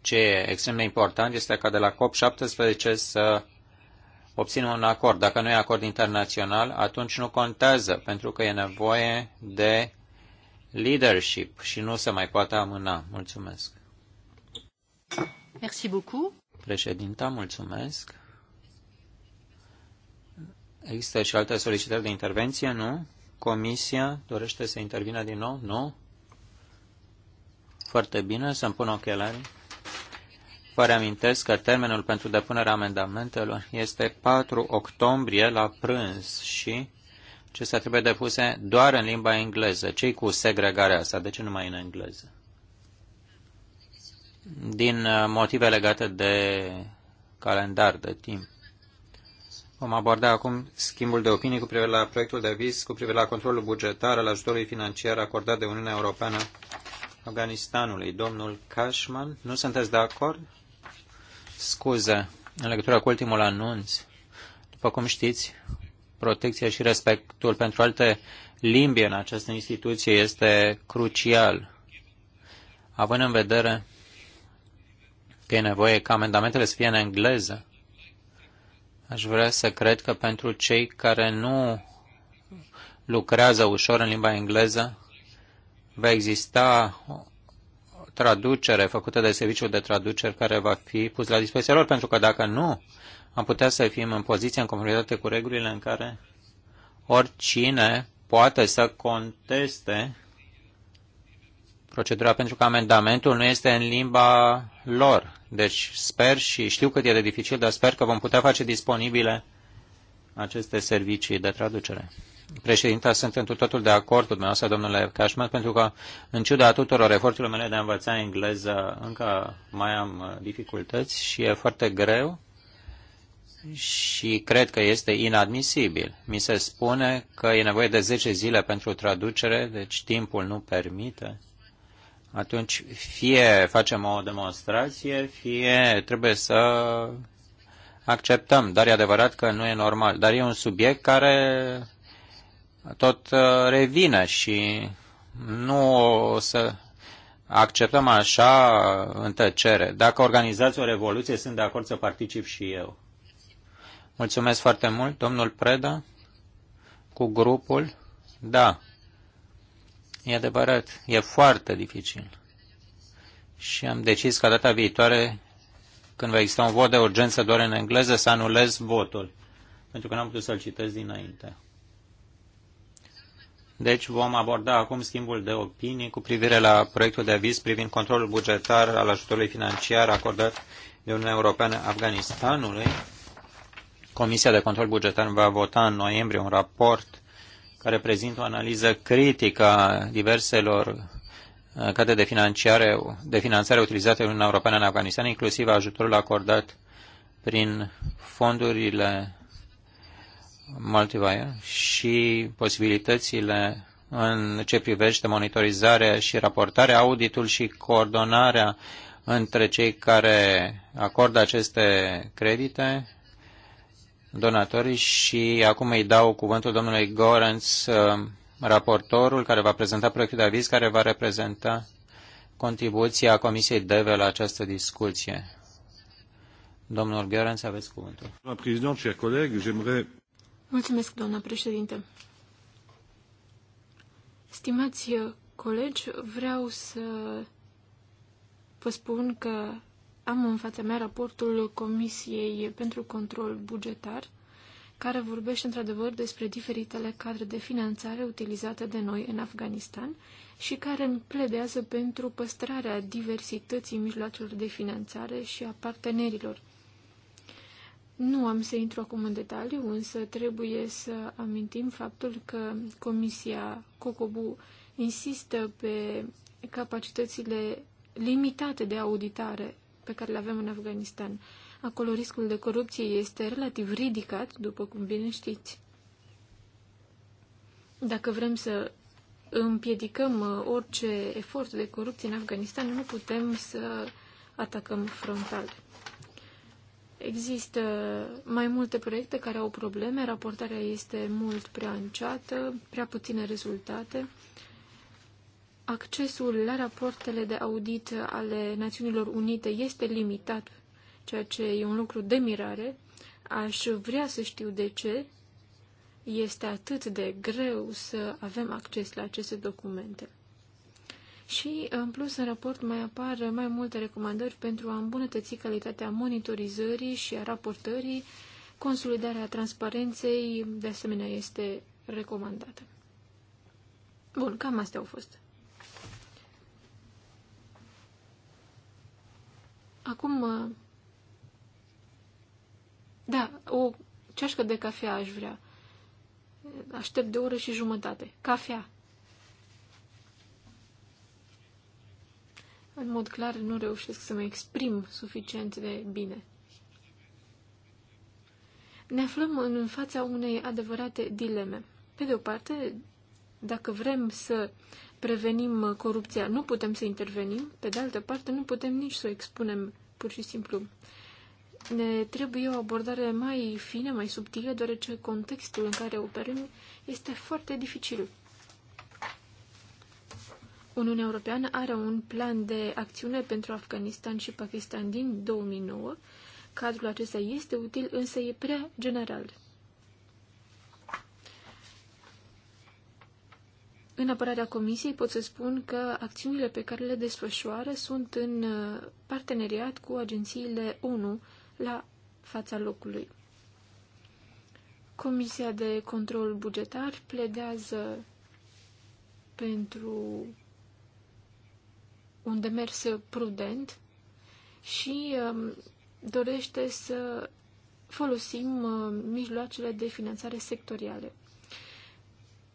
Ce e extrem de important este ca de la COP17 să obținem un acord. Dacă nu e acord internațional, atunci nu contează, pentru că e nevoie de leadership și nu se mai poate amâna. Mulțumesc. Merci beaucoup. Președinta, mulțumesc. Există și alte solicitări de intervenție, nu? Comisia dorește să intervină din nou? Nu? Foarte bine, să-mi pun ochelarii. Vă reamintesc că termenul pentru depunerea amendamentelor este 4 octombrie la prânz și acestea trebuie depuse doar în limba engleză. Cei cu segregarea asta, de ce numai în engleză? Din uh, motive legate de calendar, de timp. Vom aborda acum schimbul de opinii cu privire la proiectul de vis, cu privire la controlul bugetar al ajutorului financiar acordat de Uniunea Europeană Afganistanului. Domnul Cashman, nu sunteți de acord? Scuze, în legătură cu ultimul anunț, după cum știți, protecția și respectul pentru alte limbi în această instituție este crucial, având în vedere că e nevoie ca amendamentele să fie în engleză. Aș vrea să cred că pentru cei care nu lucrează ușor în limba engleză, va exista traducere făcută de serviciul de traduceri care va fi pus la dispoziția lor, pentru că dacă nu, am putea să fim în poziție în conformitate cu regulile în care oricine poate să conteste procedura pentru că amendamentul nu este în limba lor. Deci sper și știu cât e de dificil, dar sper că vom putea face disponibile aceste servicii de traducere președinte, sunt întru totul de acord cu dumneavoastră, domnule Cashman, pentru că, în ciuda tuturor eforturilor mele de a învăța engleză, încă mai am uh, dificultăți și e foarte greu și cred că este inadmisibil. Mi se spune că e nevoie de 10 zile pentru traducere, deci timpul nu permite. Atunci fie facem o demonstrație, fie trebuie să acceptăm. Dar e adevărat că nu e normal. Dar e un subiect care tot uh, revină și nu o să acceptăm așa uh, în tăcere. Dacă organizați o revoluție, sunt de acord să particip și eu. Mulțumesc foarte mult, domnul Preda, cu grupul. Da, e adevărat, e foarte dificil. Și am decis ca data viitoare, când va exista un vot de urgență doar în engleză, să anulez votul, pentru că n-am putut să-l citesc dinainte. Deci vom aborda acum schimbul de opinii cu privire la proiectul de aviz privind controlul bugetar al ajutorului financiar acordat de Uniunea Europeană Afganistanului. Comisia de Control Bugetar va vota în noiembrie un raport care prezintă o analiză critică a diverselor uh, cadre de, financiare, de finanțare utilizate în Uniunea Europeană în Afganistan, inclusiv ajutorul acordat prin fondurile multilayer și posibilitățile în ce privește monitorizarea și raportarea, auditul și coordonarea între cei care acordă aceste credite, donatorii și acum îi dau cuvântul domnului Gorenț, raportorul care va prezenta proiectul de aviz, care va reprezenta contribuția Comisiei DEVE la această discuție. Domnul Gorenț, aveți cuvântul. Domnul președinte, colegi, j'aimerais Mulțumesc, doamna președinte. Stimați uh, colegi, vreau să vă spun că am în fața mea raportul Comisiei pentru Control Bugetar, care vorbește într-adevăr despre diferitele cadre de finanțare utilizate de noi în Afganistan și care îmi pledează pentru păstrarea diversității mijloacelor de finanțare și a partenerilor. Nu am să intru acum în detaliu, însă trebuie să amintim faptul că Comisia COCOBU insistă pe capacitățile limitate de auditare pe care le avem în Afganistan. Acolo riscul de corupție este relativ ridicat, după cum bine știți. Dacă vrem să împiedicăm uh, orice efort de corupție în Afganistan, nu putem să atacăm frontal. Există mai multe proiecte care au probleme, raportarea este mult prea înceată, prea puține rezultate. Accesul la rapoartele de audit ale Națiunilor Unite este limitat, ceea ce e un lucru de mirare. Aș vrea să știu de ce este atât de greu să avem acces la aceste documente. Și, în plus, în raport mai apar mai multe recomandări pentru a îmbunătăți calitatea monitorizării și a raportării. Consolidarea transparenței, de asemenea, este recomandată. Bun, cam astea au fost. Acum, da, o ceașcă de cafea aș vrea. Aștept de o oră și jumătate. Cafea. în mod clar nu reușesc să mă exprim suficient de bine. Ne aflăm în fața unei adevărate dileme. Pe de o parte, dacă vrem să prevenim corupția, nu putem să intervenim, pe de altă parte, nu putem nici să o expunem pur și simplu. Ne trebuie o abordare mai fină, mai subtilă, deoarece contextul în care operăm este foarte dificil. Uniunea Europeană are un plan de acțiune pentru Afganistan și Pakistan din 2009. Cadrul acesta este util, însă e prea general. În apărarea Comisiei pot să spun că acțiunile pe care le desfășoară sunt în uh, parteneriat cu agențiile ONU la fața locului. Comisia de control bugetar pledează pentru un demers prudent și um, dorește să folosim uh, mijloacele de finanțare sectoriale.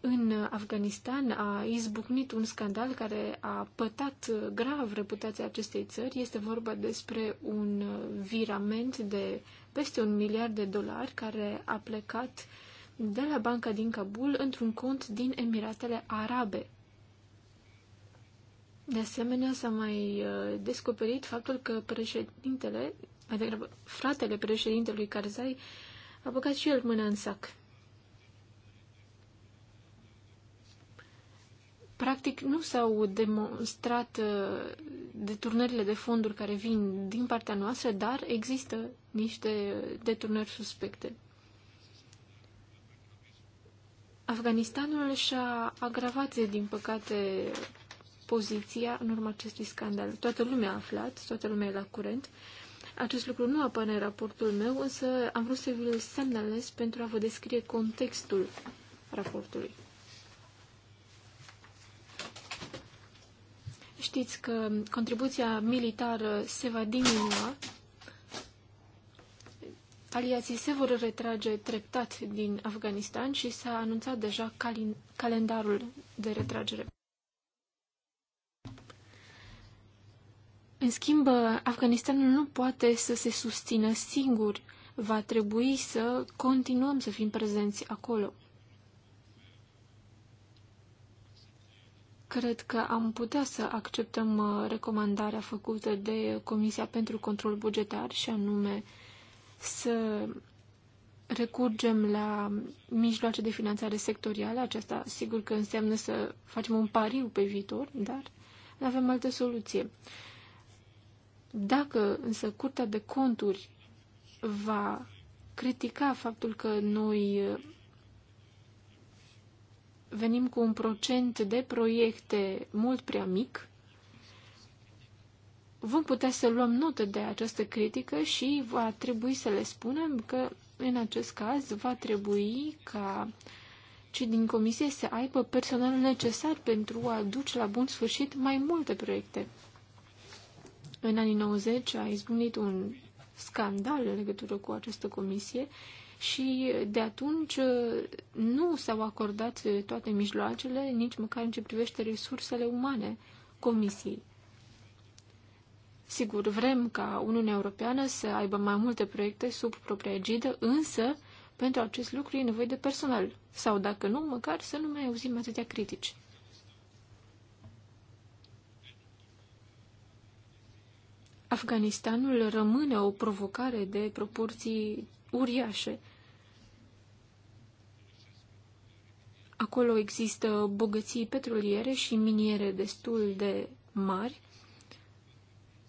În Afganistan a izbucnit un scandal care a pătat uh, grav reputația acestei țări. Este vorba despre un uh, virament de peste un miliard de dolari care a plecat de la banca din Kabul într-un cont din Emiratele Arabe. De asemenea, s-a mai uh, descoperit faptul că președintele, mai degrabă fratele președintelui Karzai, a băgat și el mâna în sac. Practic, nu s-au demonstrat uh, deturnările de fonduri care vin din partea noastră, dar există niște deturnări suspecte. Afganistanul și-a agravat, din păcate, poziția în urma acestui scandal. Toată lumea a aflat, toată lumea e la curent. Acest lucru nu apare în raportul meu, însă am vrut să vi-l semnalez pentru a vă descrie contextul raportului. Știți că contribuția militară se va diminua, aliații se vor retrage treptat din Afganistan și s-a anunțat deja calendarul de retragere. În schimb, Afganistanul nu poate să se susțină singur. Va trebui să continuăm să fim prezenți acolo. Cred că am putea să acceptăm uh, recomandarea făcută de Comisia pentru Control Bugetar și anume să recurgem la mijloace de finanțare sectoriale. Aceasta sigur că înseamnă să facem un pariu pe viitor, dar nu avem altă soluție. Dacă însă Curtea de Conturi va critica faptul că noi eh, venim cu un procent de proiecte mult prea mic, vom putea să luăm notă de această critică și va trebui să le spunem că în acest caz va trebui ca cei din comisie să aibă personalul necesar pentru a duce la bun sfârșit mai multe proiecte. În anii 90 a izbunit un scandal în legătură cu această comisie și de atunci uh, nu s-au acordat toate mijloacele, nici măcar în ce privește resursele umane comisiei. Sigur, vrem ca Uniunea Europeană să aibă mai multe proiecte sub propria egidă, însă pentru acest lucru e nevoie de personal. Sau dacă nu, măcar să nu mai auzim atâtea critici. Afganistanul rămâne o provocare de proporții uriașe. Acolo există bogății petroliere și miniere destul de mari,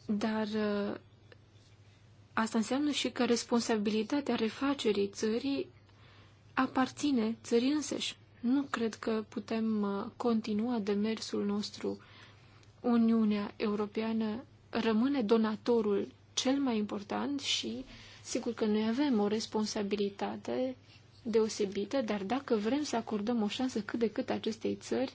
dar uh, asta înseamnă și că responsabilitatea refacerii țării aparține țării însăși. Nu cred că putem uh, continua demersul nostru. Uniunea Europeană rămâne donatorul cel mai important și sigur că noi avem o responsabilitate deosebită, dar dacă vrem să acordăm o șansă cât de cât acestei țări,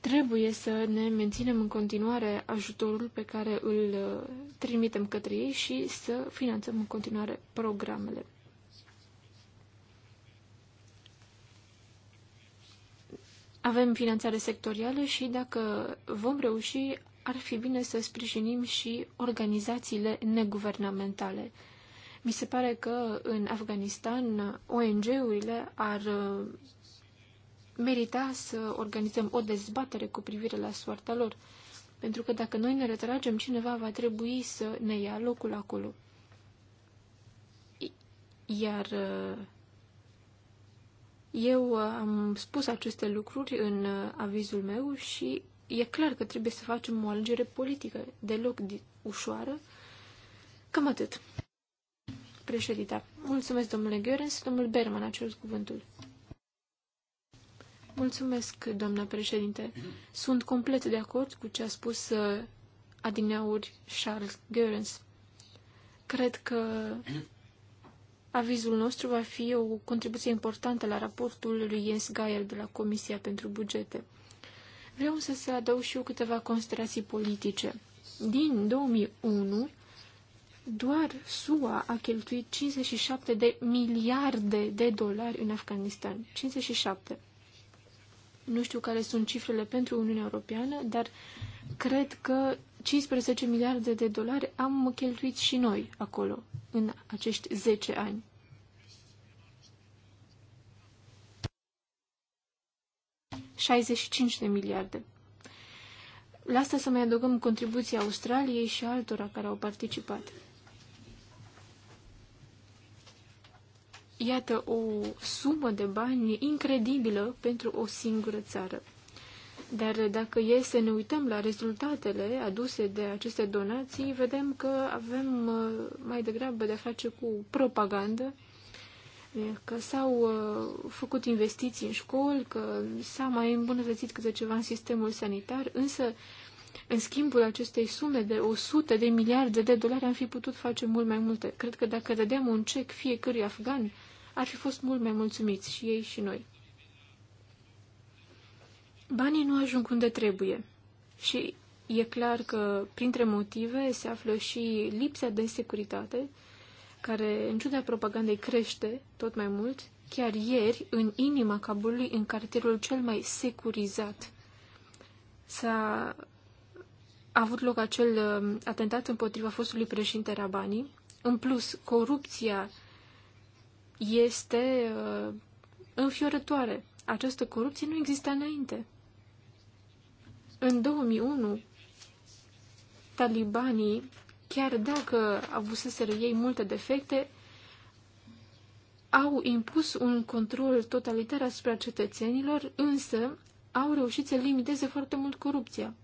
trebuie să ne menținem în continuare ajutorul pe care îl uh, trimitem către ei și să finanțăm în continuare programele. avem finanțare sectorială și dacă vom reuși, ar fi bine să sprijinim și organizațiile neguvernamentale. Mi se pare că în Afganistan ONG-urile ar uh, merita să organizăm o dezbatere cu privire la soarta lor, pentru că dacă noi ne retragem, cineva va trebui să ne ia locul acolo. Iar uh, eu uh, am spus aceste lucruri în uh, avizul meu și e clar că trebuie să facem o alegere politică deloc ușoară. Cam atât. Președinta. Mulțumesc, domnule Gheorens. Domnul Berman a cerut cuvântul. Mulțumesc, doamna președinte. Sunt complet de acord cu ce a spus uh, adineauri Charles Gheorens. Cred că Avizul nostru va fi o contribuție importantă la raportul lui Jens Geier de la Comisia pentru Bugete. Vreau să se adaug și eu câteva considerații politice. Din 2001, doar SUA a cheltuit 57 de miliarde de dolari în Afganistan. 57. Nu știu care sunt cifrele pentru Uniunea Europeană, dar cred că 15 miliarde de dolari am cheltuit și noi acolo, în acești 10 ani. ...65 de miliarde. La asta să mai adăugăm contribuția Australiei și altora care au participat. Iată o sumă de bani incredibilă pentru o singură țară. Dar dacă e să ne uităm la rezultatele aduse de aceste donații, vedem că avem uh, mai degrabă de-a face cu propagandă, că s-au uh, făcut investiții în școli, că s-a mai îmbunătățit câte ceva în sistemul sanitar, însă în schimbul acestei sume de 100 de miliarde de dolari am fi putut face mult mai multe. Cred că dacă dădeam un cec fiecărui afgan, ar fi fost mult mai mulțumiți și ei și noi. Banii nu ajung unde trebuie și e clar că printre motive se află și lipsa de securitate, care, în ciuda propagandei, crește tot mai mult, chiar ieri, în inima Kabulului în cartierul cel mai securizat. S-a a avut loc acel um, atentat împotriva fostului președinte Rabani. În plus, corupția este uh, înfiorătoare. Această corupție nu exista înainte. În 2001, talibanii, chiar dacă avuseseră ei multe defecte, au impus un control totalitar asupra cetățenilor, însă au reușit să limiteze foarte mult corupția.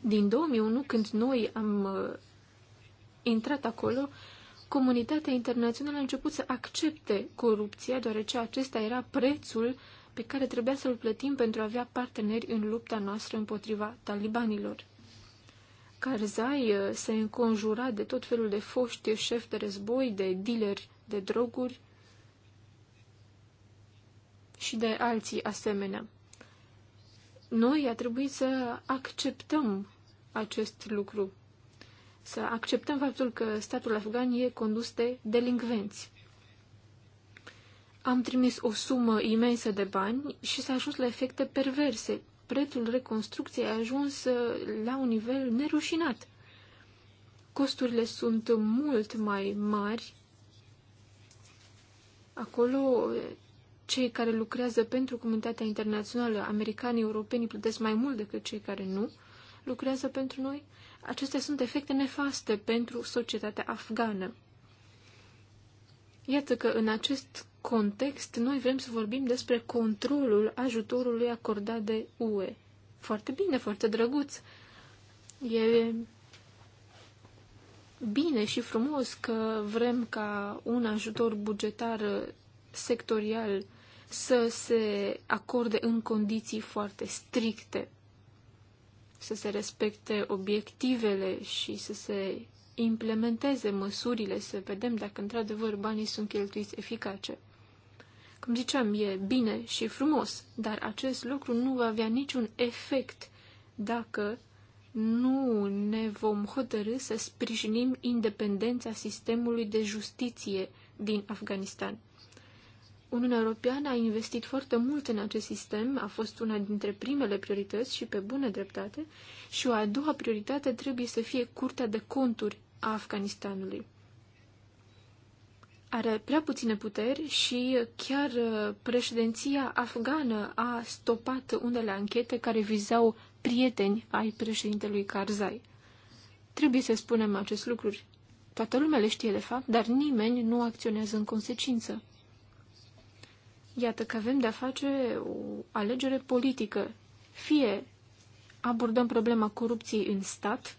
Din 2001, când noi am uh, intrat acolo, comunitatea internațională a început să accepte corupția, deoarece acesta era prețul uh, pe care trebuia să-l plătim pentru a avea parteneri în lupta noastră împotriva talibanilor. Karzai uh, se înconjura de tot felul de foști șefi de război, de dealeri de droguri și de alții asemenea. Noi a trebuit să acceptăm acest lucru, să acceptăm faptul că statul afgan e condus de delincvenți am trimis o sumă imensă de bani și s-a ajuns la efecte perverse. Prețul reconstrucției a ajuns uh, la un nivel nerușinat. Costurile sunt mult mai mari. Acolo, uh, cei care lucrează pentru comunitatea internațională, americanii, europenii, plătesc mai mult decât cei care nu lucrează pentru noi. Acestea sunt efecte nefaste pentru societatea afgană. Iată că în acest context, noi vrem să vorbim despre controlul ajutorului acordat de UE. Foarte bine, foarte drăguț. E bine și frumos că vrem ca un ajutor bugetar sectorial să se acorde în condiții foarte stricte, să se respecte obiectivele și să se implementeze măsurile, să vedem dacă într-adevăr banii sunt cheltuiți eficace. Cum ziceam, e bine și frumos, dar acest lucru nu va avea niciun efect dacă nu ne vom hotărâ să sprijinim independența sistemului de justiție din Afganistan. Uniunea Europeană a investit foarte mult în acest sistem, a fost una dintre primele priorități și pe bună dreptate, și o a doua prioritate trebuie să fie Curtea de Conturi a Afganistanului are prea puține puteri și chiar uh, președinția afgană a stopat unele anchete care vizau prieteni ai președintelui Karzai. Trebuie să spunem acest lucru. Toată lumea le știe de fapt, dar nimeni nu acționează în consecință. Iată că avem de-a face o alegere politică. Fie abordăm problema corupției în stat,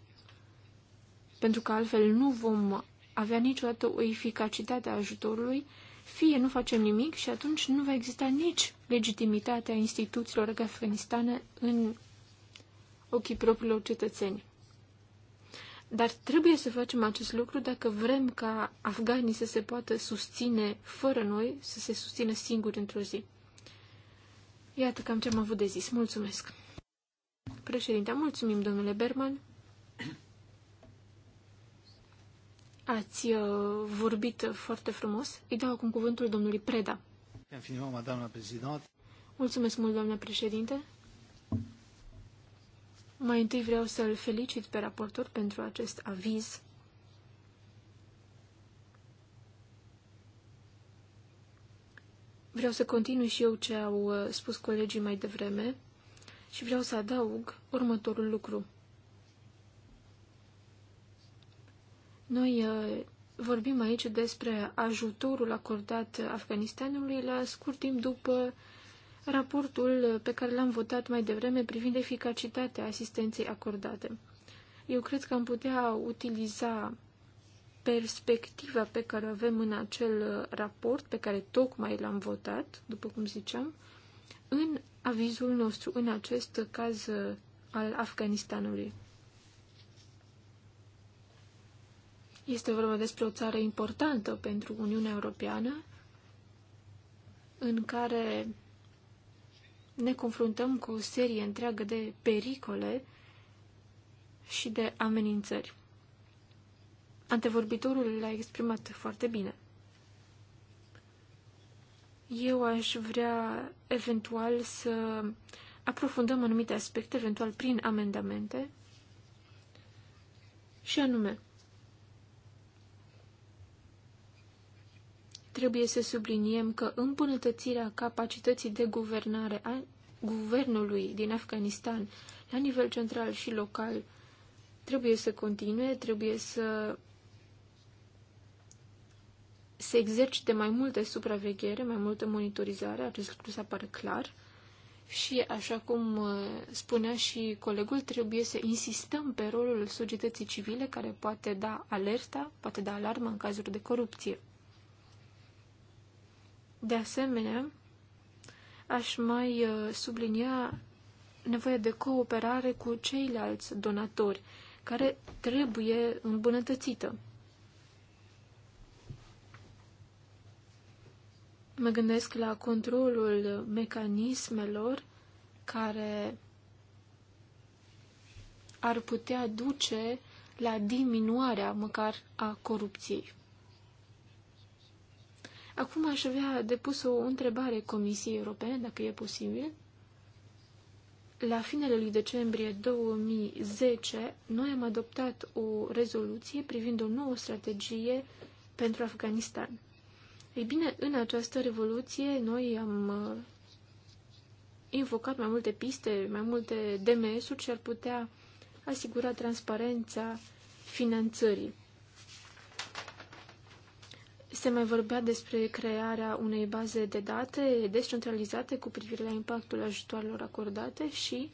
pentru că altfel nu vom avea niciodată o eficacitate a ajutorului, fie nu facem nimic și atunci nu va exista nici legitimitatea instituțiilor afganistane în ochii propriilor cetățeni. Dar trebuie să facem acest lucru dacă vrem ca afganii să se poată susține fără noi, să se susțină singuri într-o zi. Iată cam ce am avut de zis. Mulțumesc. Președinte, mulțumim, domnule Berman. Ați uh, vorbit foarte frumos. Îi dau acum cuvântul domnului Preda. Mulțumesc mult, doamna președinte. Mai întâi vreau să-l felicit pe raportor pentru acest aviz. Vreau să continui și eu ce au uh, spus colegii mai devreme și vreau să adaug următorul lucru. Noi uh, vorbim aici despre ajutorul acordat Afganistanului la scurt timp după raportul pe care l-am votat mai devreme privind eficacitatea asistenței acordate. Eu cred că am putea utiliza perspectiva pe care o avem în acel raport pe care tocmai l-am votat, după cum ziceam, în avizul nostru, în acest caz al Afganistanului. Este vorba despre o țară importantă pentru Uniunea Europeană, în care ne confruntăm cu o serie întreagă de pericole și de amenințări. Antevorbitorul l-a exprimat foarte bine. Eu aș vrea eventual să aprofundăm anumite aspecte, eventual prin amendamente, și anume, trebuie să subliniem că îmbunătățirea capacității de guvernare a guvernului din Afganistan la nivel central și local trebuie să continue, trebuie să se exercite mai multă supraveghere, mai multă monitorizare, acest lucru se apare clar. Și, așa cum uh, spunea și colegul, trebuie să insistăm pe rolul societății civile care poate da alerta, poate da alarmă în cazuri de corupție. De asemenea, aș mai uh, sublinia nevoia de cooperare cu ceilalți donatori, care trebuie îmbunătățită. Mă gândesc la controlul mecanismelor care ar putea duce la diminuarea măcar a corupției. Acum aș avea depus o întrebare Comisiei Europene, dacă e posibil. La finele lui decembrie 2010, noi am adoptat o rezoluție privind o nouă strategie pentru Afganistan. Ei bine, în această revoluție noi am uh, invocat mai multe piste, mai multe DMS-uri ce ar putea asigura transparența finanțării. Se mai vorbea despre crearea unei baze de date descentralizate cu privire la impactul ajutoarelor acordate și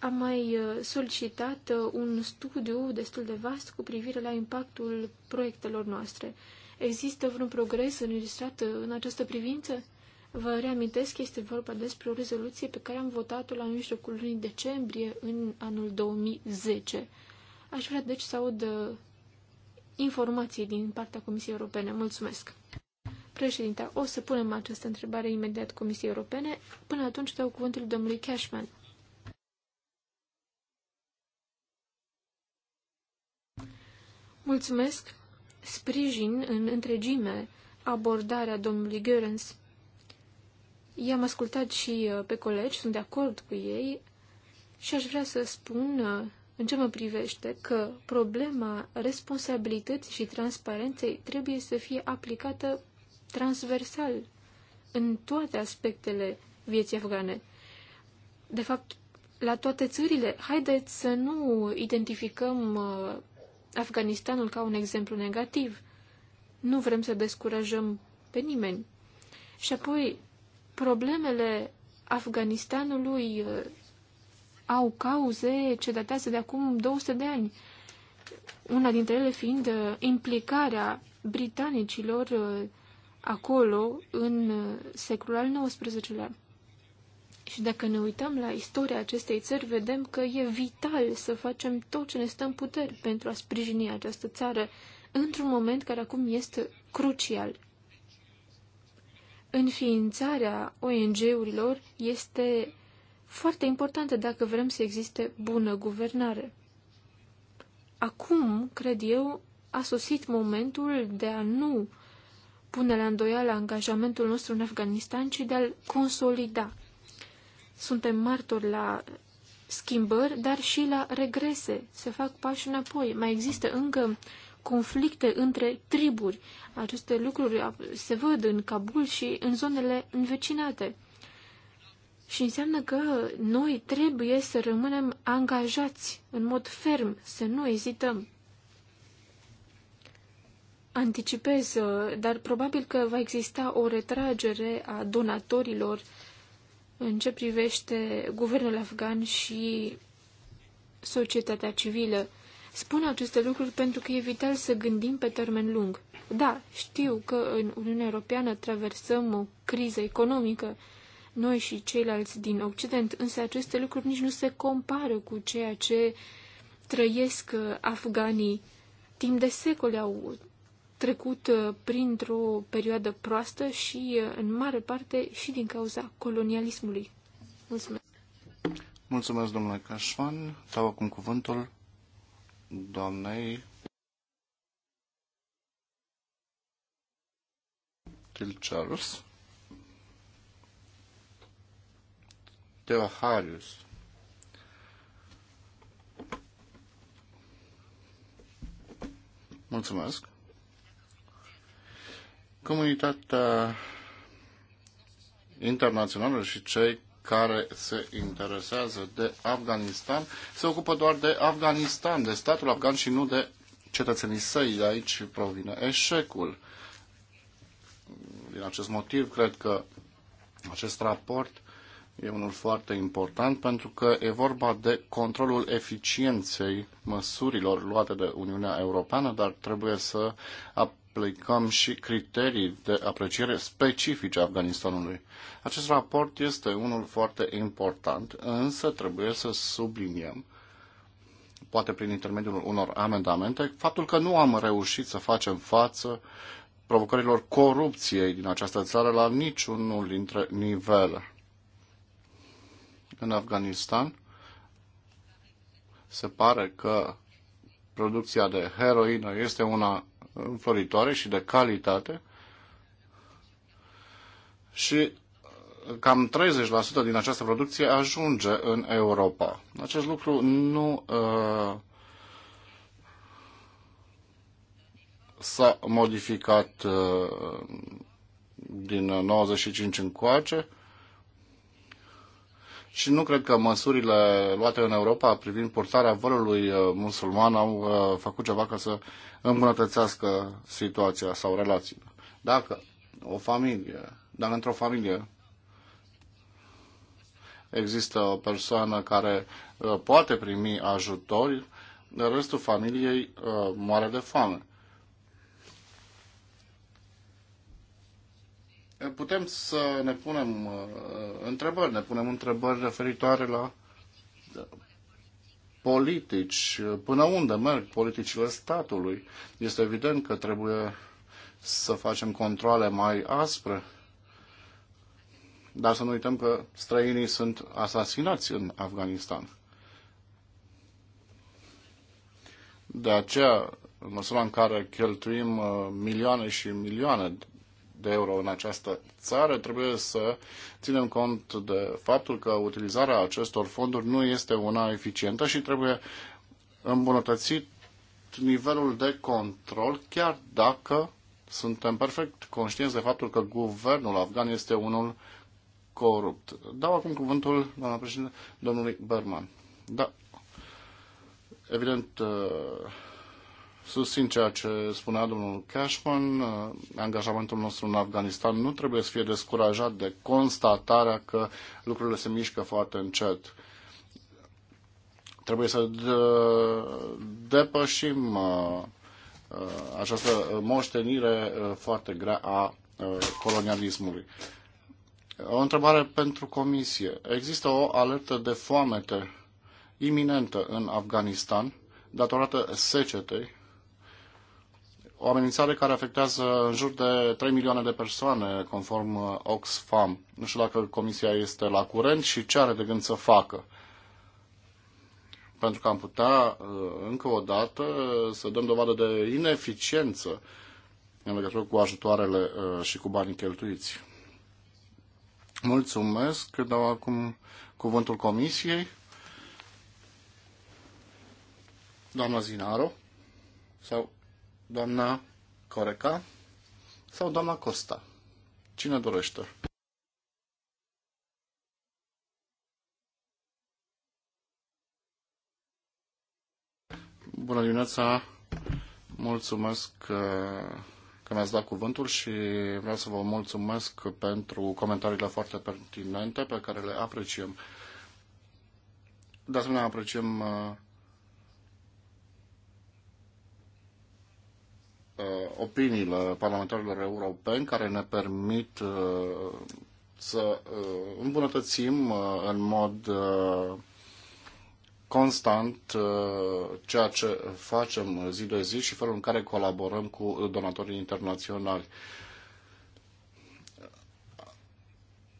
am mai uh, solicitat uh, un studiu destul de vast cu privire la impactul proiectelor noastre. Există vreun progres înregistrat uh, în această privință? Vă reamintesc că este vorba despre o rezoluție pe care am votat-o la mijlocul lunii decembrie în anul 2010. Aș vrea deci să aud informații din partea Comisiei Europene. Mulțumesc! Președinte, o să punem această întrebare imediat Comisiei Europene. Până atunci dau cuvântul domnului Cashman. Mulțumesc! Sprijin în întregime abordarea domnului Görens. I-am ascultat și uh, pe colegi, sunt de acord cu ei și aș vrea să spun uh, în ce mă privește, că problema responsabilității și transparenței trebuie să fie aplicată transversal în toate aspectele vieții afgane. De fapt, la toate țările, haideți să nu identificăm uh, Afganistanul ca un exemplu negativ. Nu vrem să descurajăm pe nimeni. Și apoi, problemele Afganistanului uh, au cauze ce datează de acum 200 de ani, una dintre ele fiind uh, implicarea britanicilor uh, acolo în uh, secolul al XIX-lea. Și dacă ne uităm la istoria acestei țări, vedem că e vital să facem tot ce ne stă în puteri pentru a sprijini această țară într-un moment care acum este crucial. Înființarea ONG-urilor este foarte importante dacă vrem să existe bună guvernare. Acum, cred eu, a sosit momentul de a nu pune la îndoială angajamentul nostru în Afganistan, ci de a-l consolida. Suntem martori la schimbări, dar și la regrese. Se fac pași înapoi. Mai există încă conflicte între triburi. Aceste lucruri se văd în Kabul și în zonele învecinate. Și înseamnă că noi trebuie să rămânem angajați în mod ferm, să nu ezităm. Anticipez, dar probabil că va exista o retragere a donatorilor în ce privește guvernul afgan și societatea civilă. Spun aceste lucruri pentru că e vital să gândim pe termen lung. Da, știu că în Uniunea Europeană traversăm o criză economică, noi și ceilalți din Occident, însă aceste lucruri nici nu se compară cu ceea ce trăiesc uh, afganii. Timp de secole au trecut uh, printr-o perioadă proastă și, uh, în mare parte, și din cauza colonialismului. Mulțumesc! Mulțumesc, domnule Cașvan. Dau acum cuvântul doamnei Till Charles. Teoharius. Mulțumesc. Comunitatea internațională și cei care se interesează de Afganistan se ocupă doar de Afganistan, de statul afgan și nu de cetățenii săi. De aici provine eșecul. Din acest motiv, cred că acest raport e unul foarte important pentru că e vorba de controlul eficienței măsurilor luate de Uniunea Europeană, dar trebuie să aplicăm și criterii de apreciere specifice Afganistanului. Acest raport este unul foarte important, însă trebuie să subliniem poate prin intermediul unor amendamente, faptul că nu am reușit să facem față provocărilor corupției din această țară la niciunul dintre nivele în Afganistan. Se pare că producția de heroină este una înfloritoare și de calitate și cam 30% din această producție ajunge în Europa. Acest lucru nu uh, s-a modificat uh, din 95 încoace. Uh, și nu cred că măsurile luate în Europa privind purtarea vărului uh, musulman au uh, făcut ceva ca să îmbunătățească situația sau relațiile. Dacă o familie, dar într-o familie există o persoană care uh, poate primi ajutor, restul familiei moare de foame. putem să ne punem uh, întrebări, ne punem întrebări referitoare la uh, politici, până unde merg politicile statului. Este evident că trebuie să facem controle mai aspre, dar să nu uităm că străinii sunt asasinați în Afganistan. De aceea, în măsura în care cheltuim uh, milioane și milioane de euro în această țară, trebuie să ținem cont de faptul că utilizarea acestor fonduri nu este una eficientă și trebuie îmbunătățit nivelul de control, chiar dacă suntem perfect conștienți de faptul că guvernul afgan este unul corupt. Dau acum cuvântul, doamna președinte, domnului Berman. Da. Evident, uh, Susțin ceea ce spunea domnul Cashman, angajamentul nostru în Afganistan nu trebuie să fie descurajat de constatarea că lucrurile se mișcă foarte încet. Trebuie să depășim uh, uh, această moștenire uh, foarte grea a colonialismului. O întrebare pentru comisie. Există o alertă de foamete iminentă în Afganistan datorată secetei o amenințare care afectează în jur de 3 milioane de persoane, conform uh, Oxfam. Nu știu dacă Comisia este la curent și ce are de gând să facă. Pentru că am putea, uh, încă o dată, uh, să dăm dovadă de ineficiență în legătură cu ajutoarele și cu banii cheltuiți. Mulțumesc. Dau acum cuvântul Comisiei. Doamna Zinaro? Sau Doamna Coreca sau doamna Costa? Cine dorește? Bună dimineața! Mulțumesc că, uh, că mi-ați dat cuvântul și vreau să vă mulțumesc pentru comentariile foarte pertinente pe care le apreciem. De asemenea, apreciem uh, Uh, opiniile parlamentarilor europeni care ne permit uh, să uh, îmbunătățim în mod constant ceea ce facem zi de zi și felul în care colaborăm cu donatorii internaționali.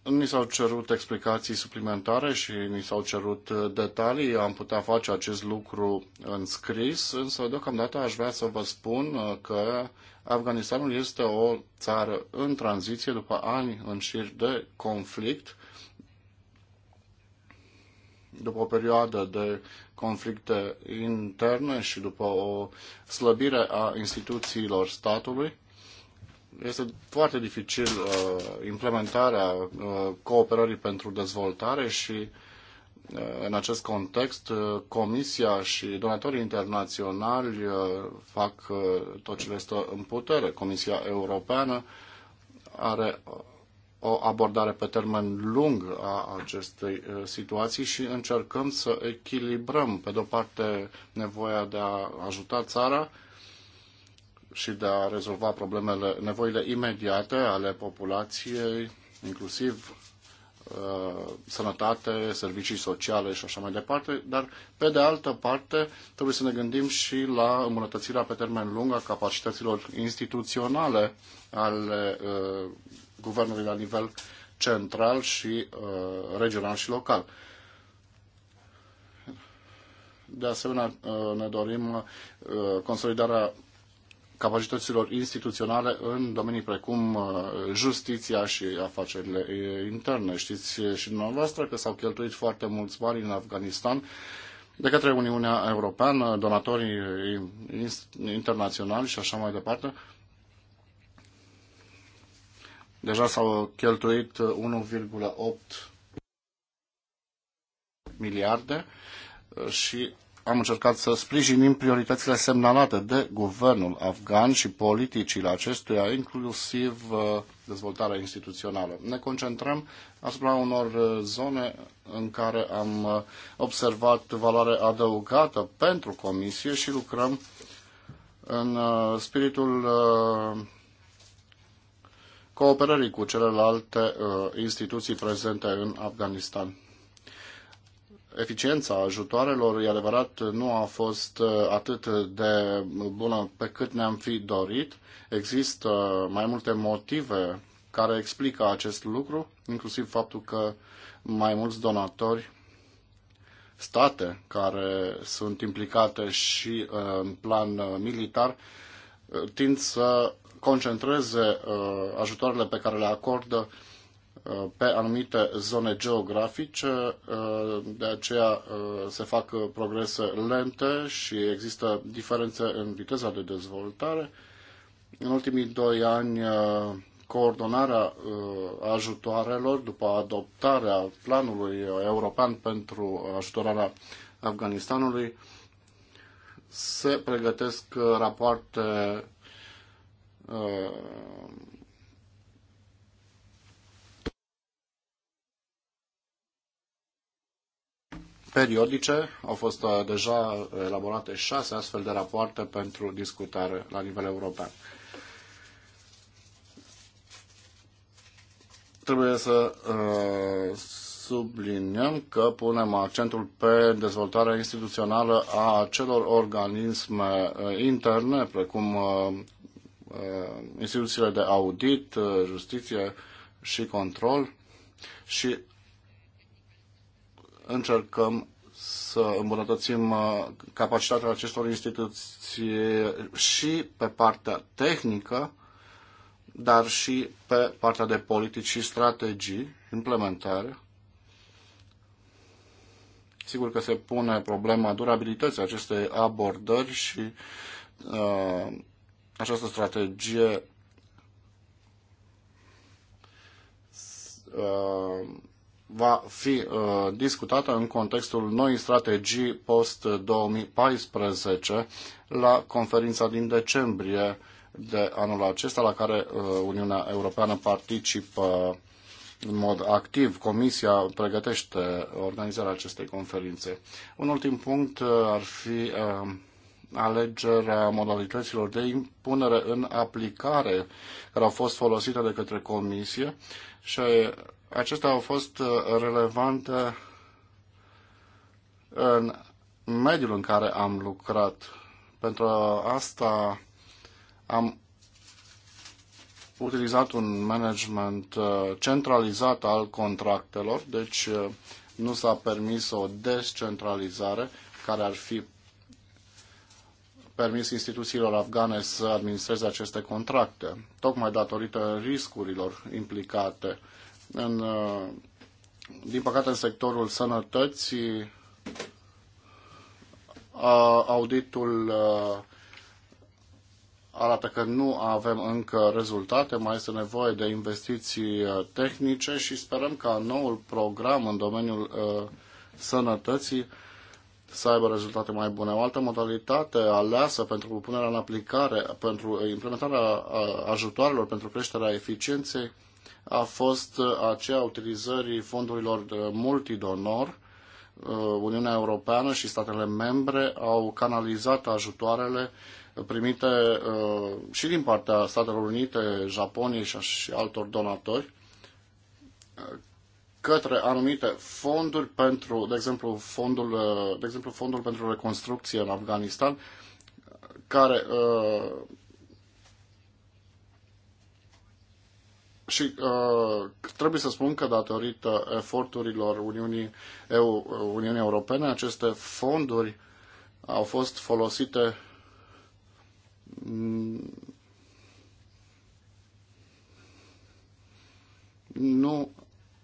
Ni s-au cerut explicații suplimentare și ni s-au cerut detalii. Am putea face acest lucru în scris, însă deocamdată aș vrea să vă spun că Afganistanul este o țară în tranziție după ani în șir de conflict, după o perioadă de conflicte interne și după o slăbire a instituțiilor statului este foarte dificil uh, implementarea uh, cooperării pentru dezvoltare și uh, în acest context, uh, Comisia și donatorii internaționali uh, fac tot ce le stă în putere. Comisia Europeană are o abordare pe termen lung a acestei situații și încercăm să echilibrăm, pe de-o parte, nevoia de a ajuta țara și de a rezolva problemele, nevoile imediate ale populației, inclusiv uh, sănătate, servicii sociale și așa mai departe, dar pe de altă parte trebuie să ne gândim și la îmbunătățirea pe termen lung a capacităților instituționale ale uh, guvernului la nivel central și uh, regional și local. De asemenea, uh, ne dorim uh, consolidarea capacităților instituționale în domenii precum uh, justiția și afacerile interne. Știți și dumneavoastră că s-au cheltuit foarte mulți bani în Afganistan de către Uniunea Europeană, donatorii internaționali și așa mai departe. Deja s-au cheltuit 1,8 uh, miliarde uh, și am încercat să sprijinim prioritățile semnalate de guvernul afgan și politicile acestuia, inclusiv uh, dezvoltarea instituțională. Ne concentrăm asupra unor uh, zone în care am uh, observat valoare adăugată pentru comisie și lucrăm în spiritul cooperării cu celelalte instituții prezente în Afganistan eficiența ajutoarelor, e adevărat, nu a fost uh, atât de bună pe cât ne-am fi dorit. Există mai multe motive care explică acest lucru, inclusiv faptul că mai mulți donatori, state care sunt implicate și uh, în plan uh, militar, tind să concentreze ajutoarele pe care le acordă Uh, pe anumite zone geografice, uh, de aceea uh, se fac progrese lente și există diferențe în viteza de dezvoltare. În ultimii doi ani, coordonarea ajutoarelor după adoptarea planului european pentru ajutorarea Afganistanului se pregătesc rapoarte periodice. Au fost uh, deja elaborate șase astfel de rapoarte pentru discutare la nivel european. Trebuie să uh, subliniem că punem accentul pe dezvoltarea instituțională a celor organisme uh, interne, precum uh, instituțiile de audit, justiție și control și încercăm să îmbunătățim uh, capacitatea acestor instituții și pe partea tehnică, dar și pe partea de politici și strategii, implementare. Sigur că se pune problema durabilității acestei abordări și uh, această strategie uh, va fi uh, discutată în contextul noii strategii post-2014 la conferința din decembrie de anul acesta, la care uh, Uniunea Europeană participă în mod activ. Comisia pregătește organizarea acestei conferințe. Un ultim punct uh, ar fi uh, alegerea modalităților de impunere în aplicare care au fost folosite de către Comisie și acestea au fost uh, relevante în mediul în care am lucrat. Pentru asta am utilizat un management uh, centralizat al contractelor, deci uh, nu s-a permis o descentralizare care ar fi permis instituțiilor afgane să administreze aceste contracte, tocmai datorită riscurilor implicate în, uh, din păcate, în sectorul sănătății, uh, auditul uh, arată că nu avem încă rezultate, mai este nevoie de investiții tehnice și sperăm ca noul program în domeniul sănătății să aibă rezultate mai bune. O altă modalitate aleasă pentru punerea în aplicare, pentru implementarea ajutoarelor pentru creșterea eficienței a fost uh, aceea utilizării fondurilor multidonor. Uh, Uniunea Europeană și statele membre au canalizat ajutoarele primite uh, și din partea Statelor Unite, Japoniei și altor donatori către anumite fonduri pentru, de exemplu, fondul, de exemplu, fondul pentru reconstrucție în Afganistan, care și uh, trebuie să spun că datorită eforturilor Uniunii, EU, Uniunii Europene, aceste fonduri au fost folosite mm, nu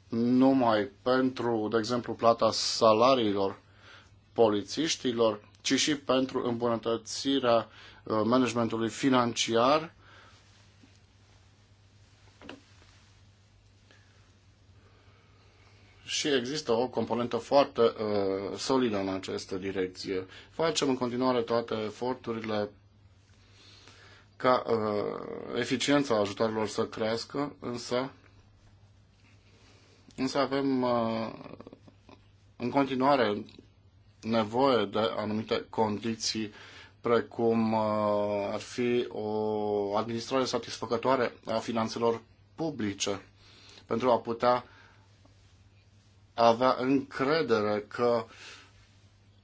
numai pentru, de exemplu, plata salariilor polițiștilor, ci și pentru îmbunătățirea uh, managementului financiar și există o componentă foarte uh, solidă în această direcție. Facem în continuare toate eforturile ca uh, eficiența ajutoarelor să crească, însă, însă avem uh, în continuare nevoie de anumite condiții precum uh, ar fi o administrare satisfăcătoare a finanțelor publice pentru a putea uh, avea încredere că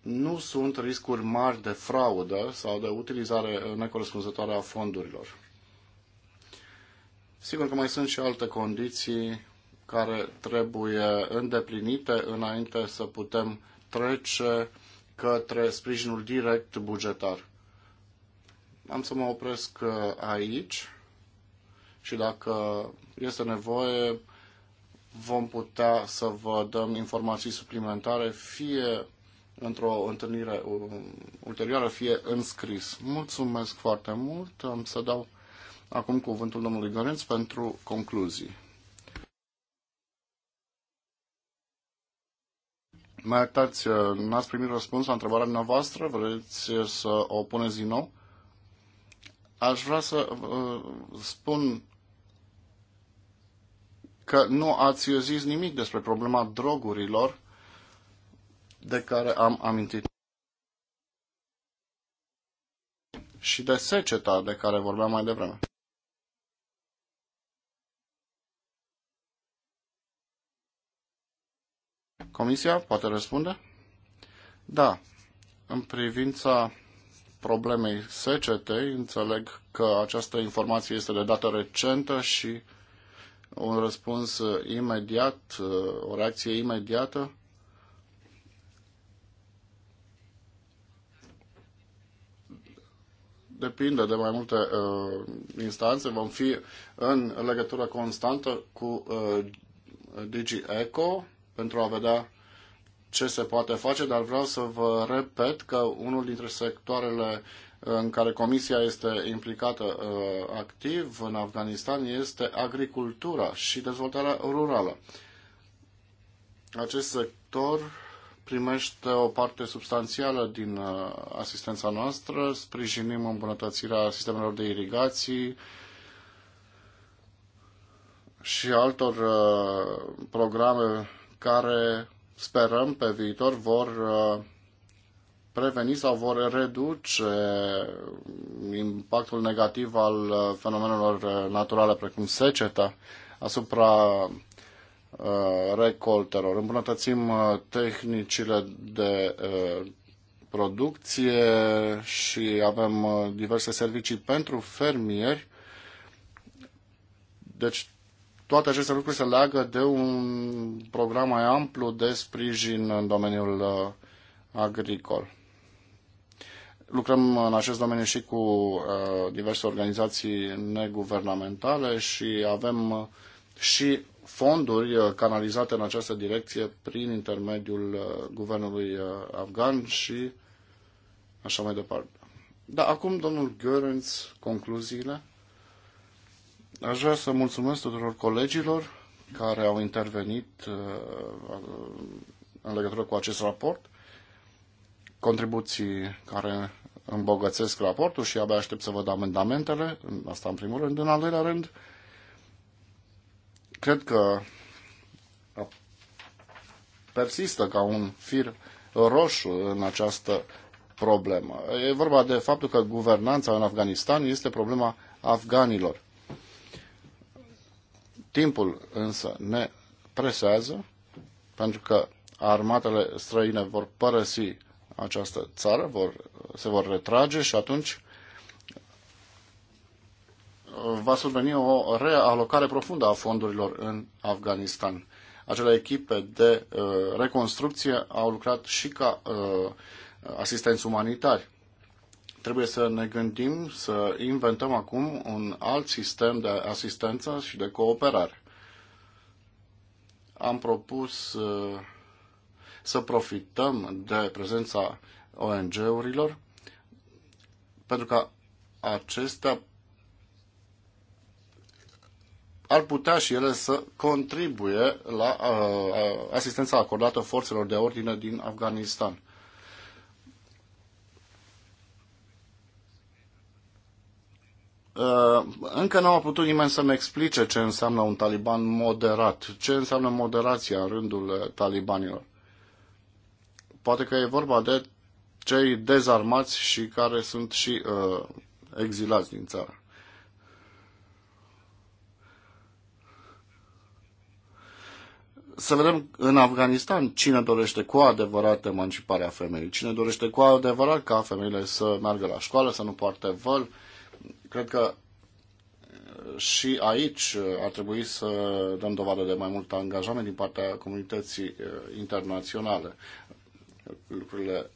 nu sunt riscuri mari de fraudă sau de utilizare necorespunzătoare a fondurilor. Sigur că mai sunt și alte condiții care trebuie îndeplinite înainte să putem trece către sprijinul direct bugetar. Am să mă opresc uh, aici și dacă este nevoie, vom putea să vă dăm informații suplimentare, fie într-o întâlnire uh, ulterioară, fie înscris. Mulțumesc foarte mult. Am să dau acum cuvântul domnului Gărenț pentru concluzii. Mai atați, uh, n-ați primit răspuns la întrebarea noastră? Vreți uh, să o puneți din nou? Aș vrea să uh, spun că nu ați zis nimic despre problema drogurilor de care am amintit și de seceta de care vorbeam mai devreme. Comisia poate răspunde? Da. În privința problemei secetei, înțeleg că această informație este de dată recentă și un răspuns uh, imediat, uh, o reacție imediată? Depinde de mai multe uh, instanțe. Vom fi în legătură constantă cu uh, DigiEco pentru a vedea ce se poate face, dar vreau să vă repet că unul dintre sectoarele în care Comisia este implicată uh, activ în Afganistan este agricultura și dezvoltarea rurală. Acest sector primește o parte substanțială din uh, asistența noastră, sprijinim îmbunătățirea sistemelor de irigații și altor uh, programe care sperăm pe viitor vor preveni sau vor reduce impactul negativ al uh, fenomenelor uh, naturale, precum seceta, asupra uh, recoltelor. Îmbunătățim tehnicile de producție și avem diverse servicii pentru fermieri. Deci toate aceste lucruri se leagă de un program mai amplu de sprijin în domeniul agricol. Lucrăm în acest domeniu și cu uh, diverse organizații neguvernamentale și avem uh, și fonduri uh, canalizate în această direcție prin intermediul uh, guvernului afgan și așa mai departe. Da, acum, domnul Görens, concluziile. Aș vrea să mulțumesc tuturor colegilor care au intervenit în legătură cu acest raport contribuții care îmbogățesc raportul și abia aștept să văd amendamentele, asta în primul rând. În al doilea rând, cred că persistă ca un fir roșu în această problemă. E vorba de faptul că guvernanța în Afganistan este problema afganilor. Timpul însă ne presează pentru că armatele străine vor părăsi această țară, vor, se vor retrage și atunci uh, va surveni o realocare profundă a fondurilor în Afganistan. Acele echipe de uh, reconstrucție au lucrat și ca uh, asistenți umanitari. Trebuie să ne gândim să inventăm acum un alt sistem de asistență și de cooperare. Am propus uh, să profităm de prezența ONG-urilor, pentru că acestea ar putea și ele să contribuie la uh, uh asistența acordată forțelor de ordine din Afganistan. Uh, încă nu a putut nimeni să-mi explice ce înseamnă un taliban moderat, ce înseamnă moderația în rândul talibanilor. Poate că e vorba de cei dezarmați și care sunt și uh, exilați din țară. Să vedem în Afganistan cine dorește cu adevărat emanciparea femeii, cine dorește cu adevărat ca femeile să meargă la școală, să nu poarte văl. Cred că uh, și aici uh, ar trebui să dăm dovadă de mai mult angajament din partea comunității uh, internaționale lucrurile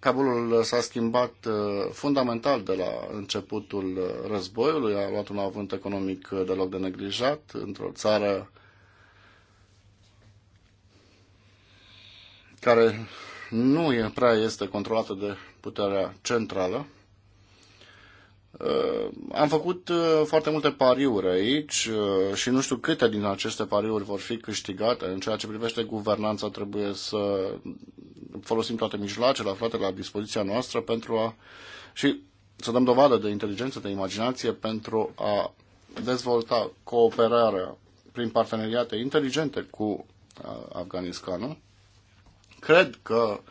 Cabulul s-a schimbat uh, fundamental de la începutul uh, războiului, a luat un avânt economic uh, deloc de neglijat într-o țară care nu e prea este controlată de puterea centrală. Uh, am făcut uh, foarte multe pariuri aici uh, și nu știu câte din aceste pariuri vor fi câștigate. În ceea ce privește guvernanța, trebuie să folosim toate mijloacele aflate la dispoziția noastră pentru a și să dăm dovadă de inteligență, de imaginație pentru a dezvolta cooperarea prin parteneriate inteligente cu Afganistanul. Cred că uh,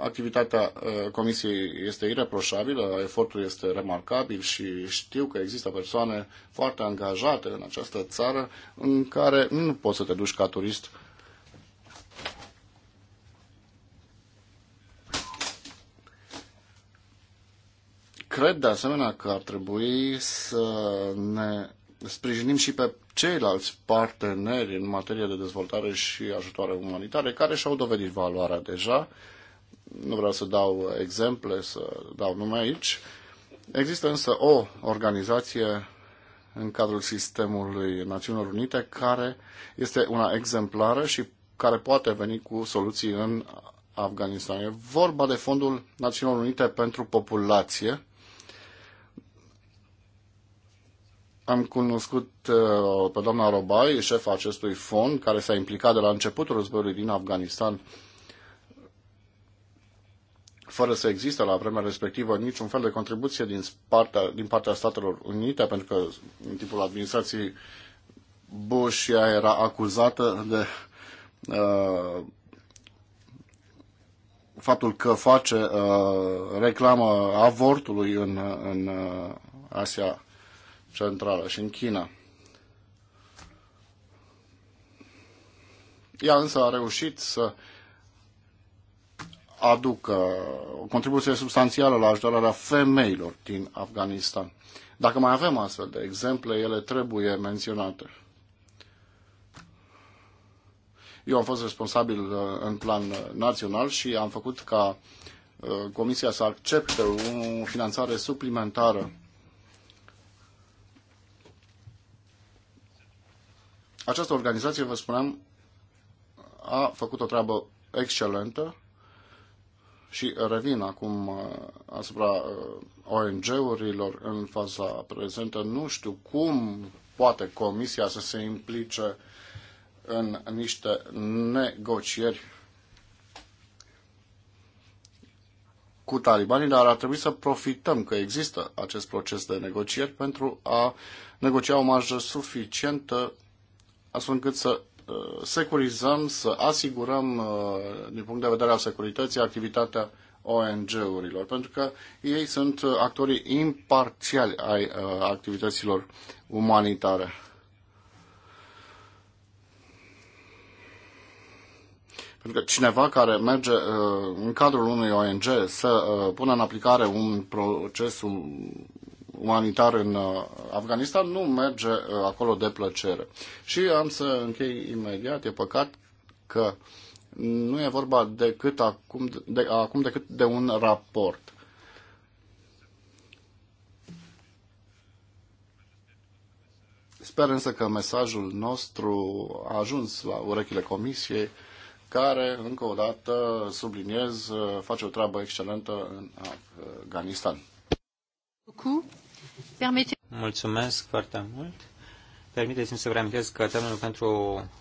activitatea uh, Comisiei este ireproșabilă, efortul este remarcabil și știu că există persoane foarte angajate în această țară în care nu poți să te duci ca turist Cred de asemenea că ar trebui să ne sprijinim și pe ceilalți parteneri în materie de dezvoltare și ajutoare umanitare care și-au dovedit valoarea deja nu vreau să dau exemple, să dau nume aici. Există însă o organizație în cadrul sistemului Națiunilor Unite care este una exemplară și care poate veni cu soluții în Afganistan. E vorba de Fondul Națiunilor Unite pentru Populație. Am cunoscut uh, pe doamna Robai, șefa acestui fond, care s-a implicat de la începutul războiului din Afganistan fără să existe la vremea respectivă niciun fel de contribuție din partea, din partea Statelor Unite, pentru că în timpul administrației Bush ea era acuzată de uh, faptul că face uh, reclamă avortului în, în uh, Asia Centrală și în China. Ea însă a reușit să uh, aducă o contribuție substanțială la ajutorarea femeilor din Afganistan. Dacă mai avem astfel de exemple, ele trebuie menționate. Eu am fost responsabil uh, în plan uh, național și am făcut ca uh, Comisia să accepte o finanțare suplimentară Această organizație, vă spuneam, a făcut o treabă excelentă și revin acum uh, asupra uh, ONG-urilor în faza prezentă. Nu știu cum poate Comisia să se implice în niște negocieri cu talibanii, dar ar trebui să profităm că există acest proces de negocieri pentru a negocia o marjă suficientă astfel încât să Uh, securizăm, să asigurăm, uh, din punct de vedere al securității, activitatea ONG-urilor, pentru că ei sunt uh, actorii imparțiali ai activităților umanitare. Pentru că cineva care merge în cadrul unui ONG să pună în aplicare un proces umanitar în uh, Afganistan nu merge uh, acolo de plăcere. Și am să închei imediat, e păcat că nu e vorba decât acum, de, acum decât de un raport. Sper însă că mesajul nostru a ajuns la urechile comisiei, care, încă o dată, subliniez, uh, face o treabă excelentă în Afganistan. Cu? Mulțumesc foarte mult. Permiteți-mi să vă reamintesc că termenul pentru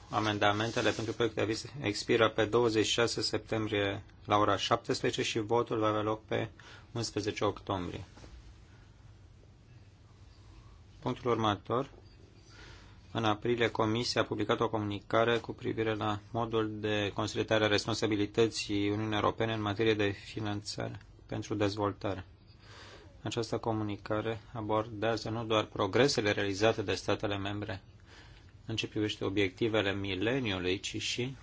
amendamentele pentru proiect de aviz expiră pe 26 septembrie la ora 17 și votul va avea loc pe 11 octombrie. Punctul următor. În aprilie, Comisia a publicat o comunicare cu privire la modul de consolidare a responsabilității Uniunii Europene în materie de finanțare pentru dezvoltare. Această comunicare abordează nu doar progresele realizate de statele membre în ce privește obiectivele mileniului, ci și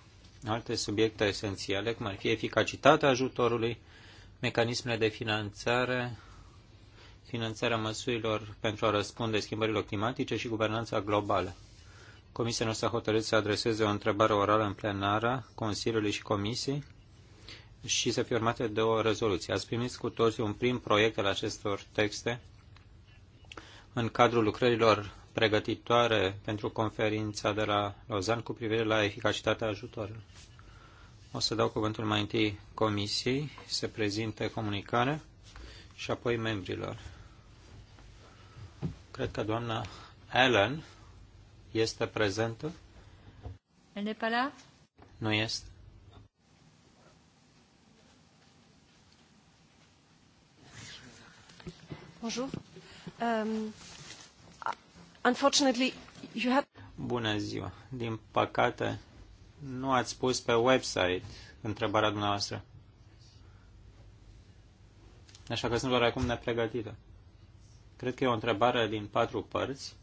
alte subiecte esențiale, cum ar fi eficacitatea ajutorului, mecanismele de finanțare, finanțarea măsurilor pentru a răspunde schimbărilor climatice și guvernanța globală. Comisia noastră a hotărât să adreseze o întrebare orală în plenară Consiliului și Comisiei și să fie urmate de o rezoluție. Ați primit cu toți un prim proiect al acestor texte în cadrul lucrărilor pregătitoare pentru conferința de la Lausanne cu privire la eficacitatea ajutorului. O să dau cuvântul mai întâi comisiei, se prezinte comunicarea și apoi membrilor. Cred că doamna Allen este prezentă. Nu este. Bonjour. Um, unfortunately, you have... Bună ziua. Din păcate, nu ați pus pe website întrebarea dumneavoastră. Așa că sunt doar acum nepregătită. Cred că e o întrebare din patru părți.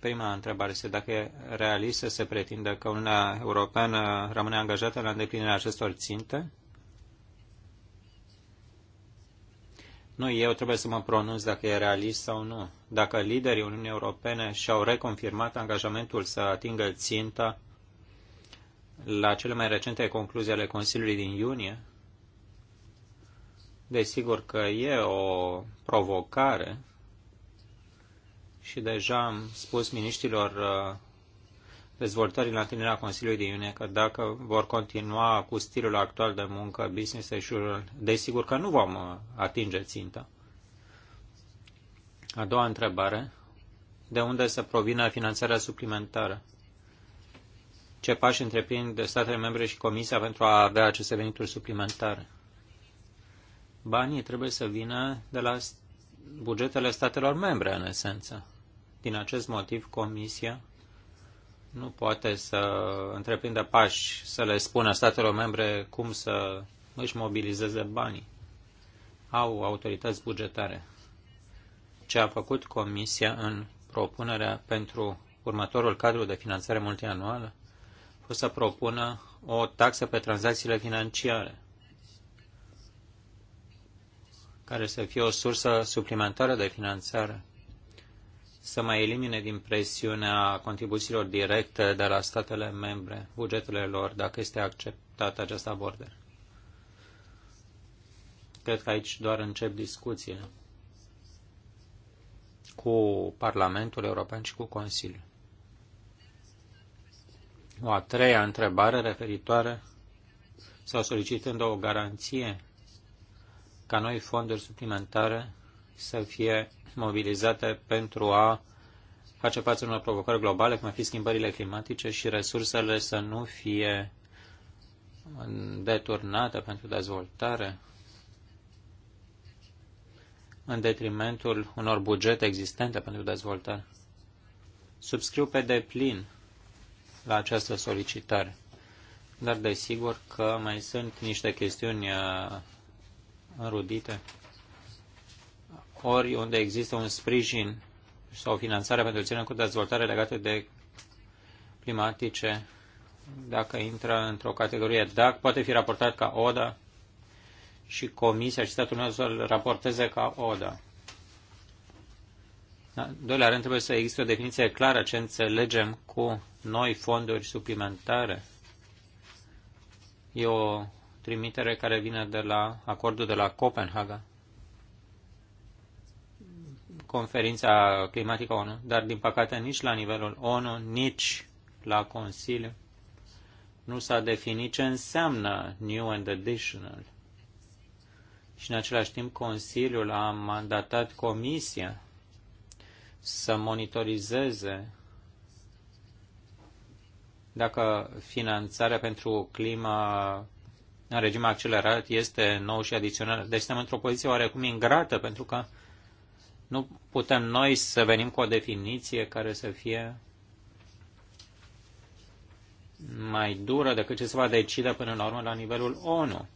Prima întrebare este dacă e realist să se pretindă că Uniunea Europeană rămâne angajată la îndeplinirea acestor ținte. Nu, eu trebuie să mă pronunț dacă e realist sau nu. Dacă liderii Uniunii Europene și-au reconfirmat angajamentul să atingă ținta la cele mai recente concluzii ale Consiliului din iunie, desigur că e o provocare și deja am spus miniștilor uh, dezvoltării la întâlnirea Consiliului de Iunie că dacă vor continua cu stilul actual de muncă, business as usual, desigur că nu vom uh, atinge ținta. A doua întrebare. De unde să provină finanțarea suplimentară? Ce pași întreprind statele membre și Comisia pentru a avea aceste venituri suplimentare? Banii trebuie să vină de la bugetele statelor membre, în esență. Din acest motiv, Comisia nu poate să întreprindă pași să le spună statelor membre cum să își mobilizeze banii. Au autorități bugetare. Ce a făcut Comisia în propunerea pentru următorul cadru de finanțare multianual a fost să propună o taxă pe tranzacțiile financiare, care să fie o sursă suplimentară de finanțare să mai elimine din presiunea contribuțiilor directe de la statele membre, bugetele lor, dacă este acceptată această abordare. Cred că aici doar încep discuțiile cu Parlamentul European și cu Consiliul. O a treia întrebare referitoare sau solicitând o garanție ca noi fonduri suplimentare să fie mobilizate pentru a face față unor provocări globale, cum ar fi schimbările climatice și resursele să nu fie deturnate pentru dezvoltare în detrimentul unor bugete existente pentru dezvoltare. Subscriu pe deplin la această solicitare, dar desigur că mai sunt niște chestiuni uh, înrudite ori unde există un sprijin sau finanțare pentru ținere cu dezvoltare legată de climatice, dacă intră într-o categorie DAC, poate fi raportat ca ODA și Comisia și statul nostru îl raporteze ca ODA. Doilea rând, trebuie să există o definiție clară ce înțelegem cu noi fonduri suplimentare. E o trimitere care vine de la acordul de la Copenhaga conferința climatică ONU, dar din păcate nici la nivelul ONU, nici la Consiliu nu s-a definit ce înseamnă New and Additional. Și în același timp Consiliul a mandatat Comisia să monitorizeze dacă finanțarea pentru climă în regim accelerat este nou și adițional. Deci suntem într-o poziție oarecum ingrată, pentru că nu putem noi să venim cu o definiție care să fie mai dură decât ce se va decide până la urmă la nivelul ONU.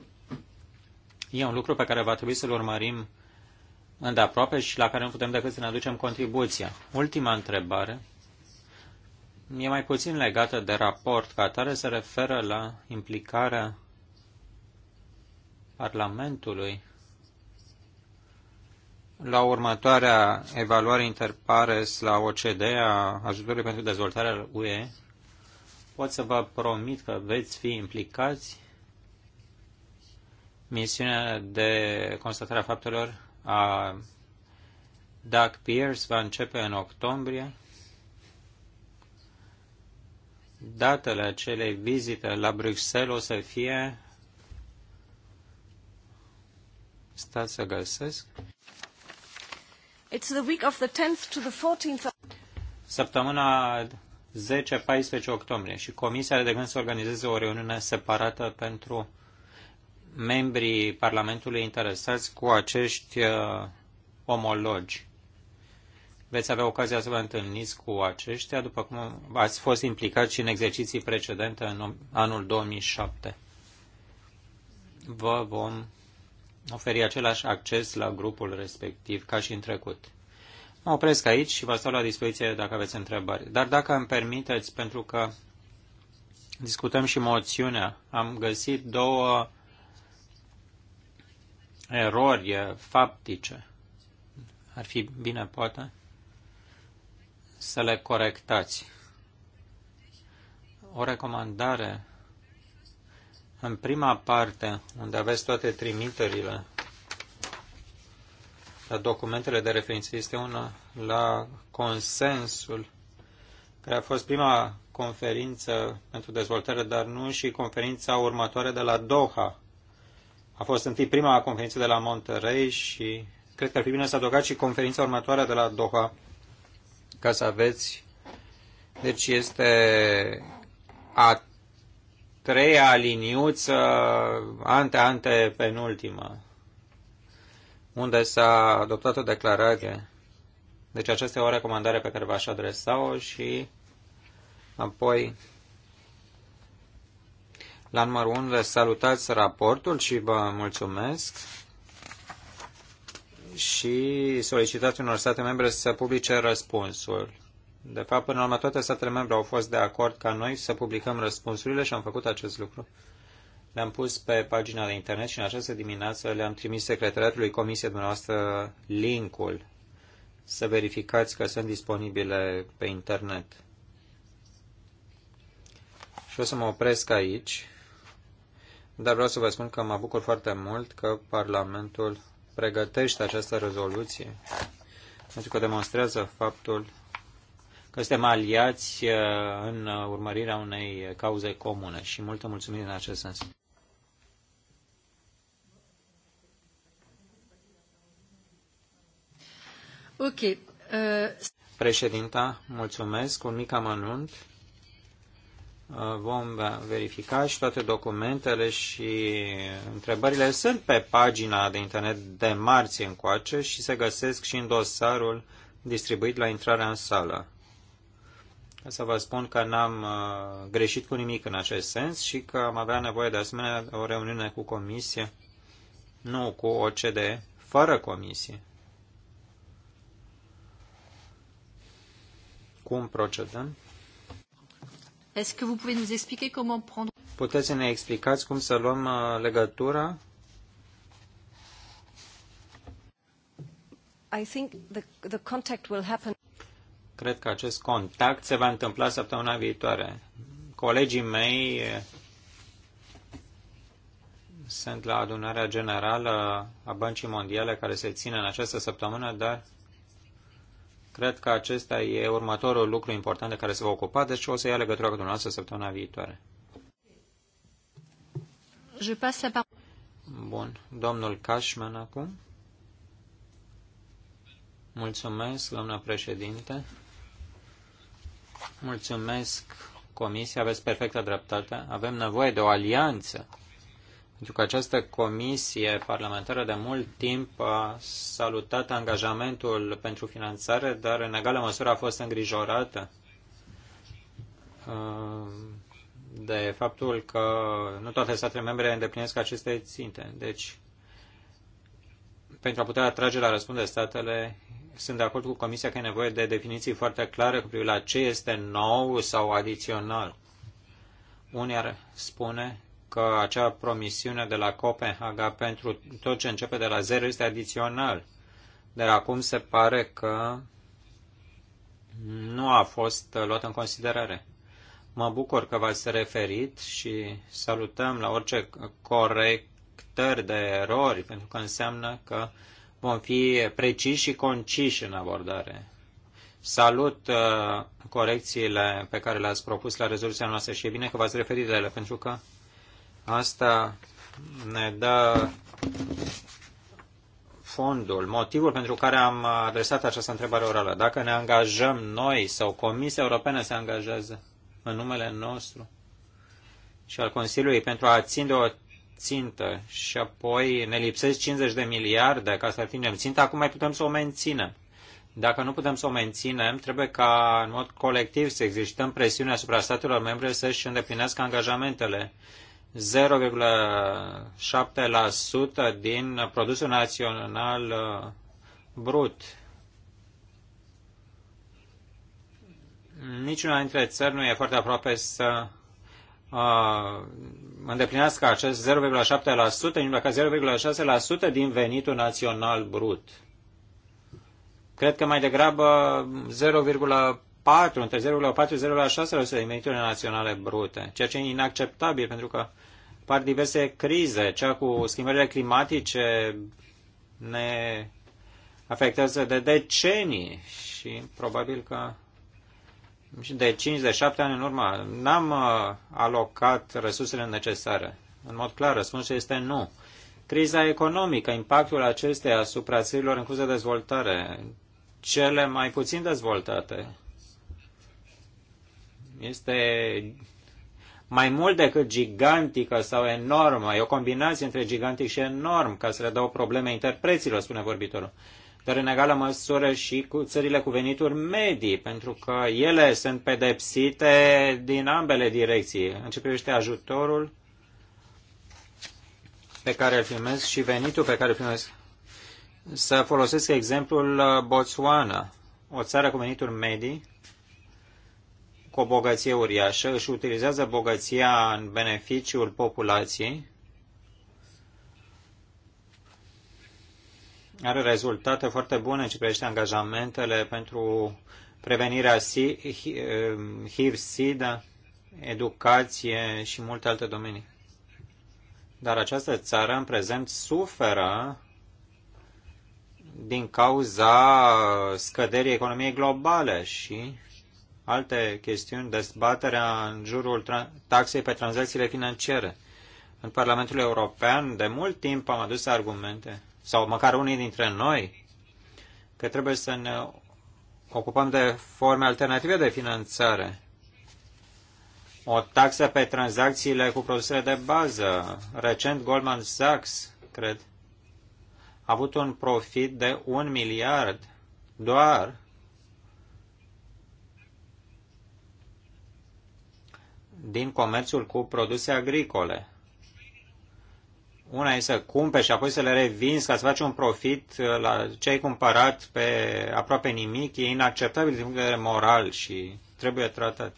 E un lucru pe care va trebui să-l urmărim îndeaproape și la care nu putem decât să ne aducem contribuția. Ultima întrebare e mai puțin legată de raport, ca atare se referă la implicarea Parlamentului la următoarea evaluare interpares la OCDE a ajutorului pentru dezvoltarea UE, pot să vă promit că veți fi implicați. Misiunea de constatare a faptelor a Doug Pierce va începe în octombrie. Datele acelei vizite la Bruxelles o să fie stați să găsesc. It's the week of the 10th to the 14th. Săptămâna 10-14 octombrie și comisia are de gând să organizeze o reuniune separată pentru membrii Parlamentului interesați cu acești uh, omologi. Veți avea ocazia să vă întâlniți cu aceștia, după cum ați fost implicați și în exerciții precedente în anul 2007. Vă vom oferi același acces la grupul respectiv ca și în trecut. Mă opresc aici și vă stau la dispoziție dacă aveți întrebări. Dar dacă îmi permiteți, pentru că discutăm și moțiunea, am găsit două erori faptice. Ar fi bine, poate, să le corectați. O recomandare în prima parte, unde aveți toate trimiterile la documentele de referință, este una la consensul, care a fost prima conferință pentru dezvoltare, dar nu și conferința următoare de la Doha. A fost întâi prima conferință de la Monterey și cred că ar fi bine să adăugați și conferința următoare de la Doha ca să aveți. Deci este a treia liniuță, ante, ante, penultima, unde s-a adoptat o declarație. Deci aceasta e o recomandare pe care v-aș adresa-o și apoi la numărul 1 salutați raportul și vă mulțumesc și solicitați unor state membre să publice răspunsul. De fapt, până la urmă, toate statele membre au fost de acord ca noi să publicăm răspunsurile și am făcut acest lucru. Le-am pus pe pagina de internet și în această dimineață le-am trimis secretariatului comisiei dumneavoastră linkul să verificați că sunt disponibile pe internet. Și o să mă opresc aici, dar vreau să vă spun că mă bucur foarte mult că Parlamentul pregătește această rezoluție, pentru că demonstrează faptul că suntem aliați uh, în urmărirea unei cauze comune și multă mulțumire în acest sens. Ok. Uh... Președinta, mulțumesc. Un mic amănunt. Uh, vom verifica și toate documentele și întrebările sunt pe pagina de internet de marți încoace și se găsesc și în dosarul distribuit la intrarea în sală să vă spun că n-am uh, greșit cu nimic în acest sens și că am avea nevoie de asemenea o reuniune cu comisie, nu cu OCDE, fără comisie. Cum procedăm? Est-ce que vous pouvez nous expliquer comment prendre... Puteți să ne explicați cum să luăm uh, legătura? I think the, the contact will happen. Cred că acest contact se va întâmpla săptămâna viitoare. Colegii mei sunt la adunarea generală a Băncii Mondiale care se ține în această săptămână, dar cred că acesta e următorul lucru important de care se va ocupa, deci o să ia legătura cu dumneavoastră săptămâna viitoare. Je passe la Bun. Domnul Cashman acum. Mulțumesc, doamna președinte. Mulțumesc, Comisie, aveți perfectă dreptate. Avem nevoie de o alianță, pentru că această Comisie parlamentară de mult timp a salutat angajamentul pentru finanțare, dar în egală măsură a fost îngrijorată uh, de faptul că nu toate statele membre îndeplinesc aceste ținte. Deci, pentru a putea atrage la răspundere statele, sunt de acord cu Comisia că e nevoie de definiții foarte clare cu privire la ce este nou sau adițional. Unii ar spune că acea promisiune de la Copenhaga pentru tot ce începe de la zero este adițional. Dar acum se pare că nu a fost luat în considerare. Mă bucur că v-ați referit și salutăm la orice corectări de erori, pentru că înseamnă că uh, vom fi preciși și conciși în abordare. Salut uh, corecțiile pe care le-ați propus la rezoluția noastră și e bine că v-ați referit la ele, pentru că asta ne dă fondul, motivul pentru care am adresat această întrebare orală. Dacă ne angajăm noi sau Comisia Europeană se angajează în numele nostru și al Consiliului pentru a ține o țintă și apoi ne lipsesc 50 de miliarde ca să atingem ținta, acum mai putem să o menținem. Dacă nu putem să o menținem, trebuie ca în mod colectiv să existăm presiunea asupra statelor membre să-și îndeplinească angajamentele. 0,7% din produsul național uh, brut. Niciuna dintre țări nu e foarte aproape să îndeplinească acest 0,7%, nici ca 0,6% din venitul național brut. Cred că mai degrabă 0,4, între 0,4 0,6% din veniturile naționale brute, ceea ce e inacceptabil pentru că par diverse crize, cea cu schimbările climatice ne afectează de decenii și probabil că de 5, de 7 ani în urmă, n-am uh, alocat resursele necesare. În mod clar, răspunsul este nu. Criza economică, impactul acesteia asupra țărilor în curs de dezvoltare, cele mai puțin dezvoltate, este mai mult decât gigantică sau enormă. E o combinație între gigantic și enorm, ca să le dau probleme interpreților, spune vorbitorul. Uh, dar în egală măsură și cu țările cu venituri medii, pentru că ele sunt pedepsite din ambele direcții. În ce privește ajutorul pe care îl primesc și venitul pe care îl primesc. Să folosesc exemplul uh, Botswana, o țară cu venituri medii, cu o bogăție uriașă, își utilizează bogăția în beneficiul populației, are rezultate foarte bune ce privește angajamentele pentru prevenirea eh, HIV-SIDA, educație și multe alte domenii. Dar această țară în prezent suferă din cauza scăderii economiei globale și alte chestiuni, dezbaterea în jurul taxei pe tranzacțiile financiare. În Parlamentul European, de mult timp am adus argumente sau măcar unii dintre noi, că trebuie să ne ocupăm de forme alternative de finanțare. O taxă pe tranzacțiile cu produsele de bază. Recent Goldman Sachs, cred, a avut un profit de un miliard doar din comerțul cu produse agricole. Una e să cumperi și apoi să le revinzi ca să faci un profit uh, la ce ai cumpărat pe aproape nimic, e inacceptabil din punct de vedere moral și trebuie tratat.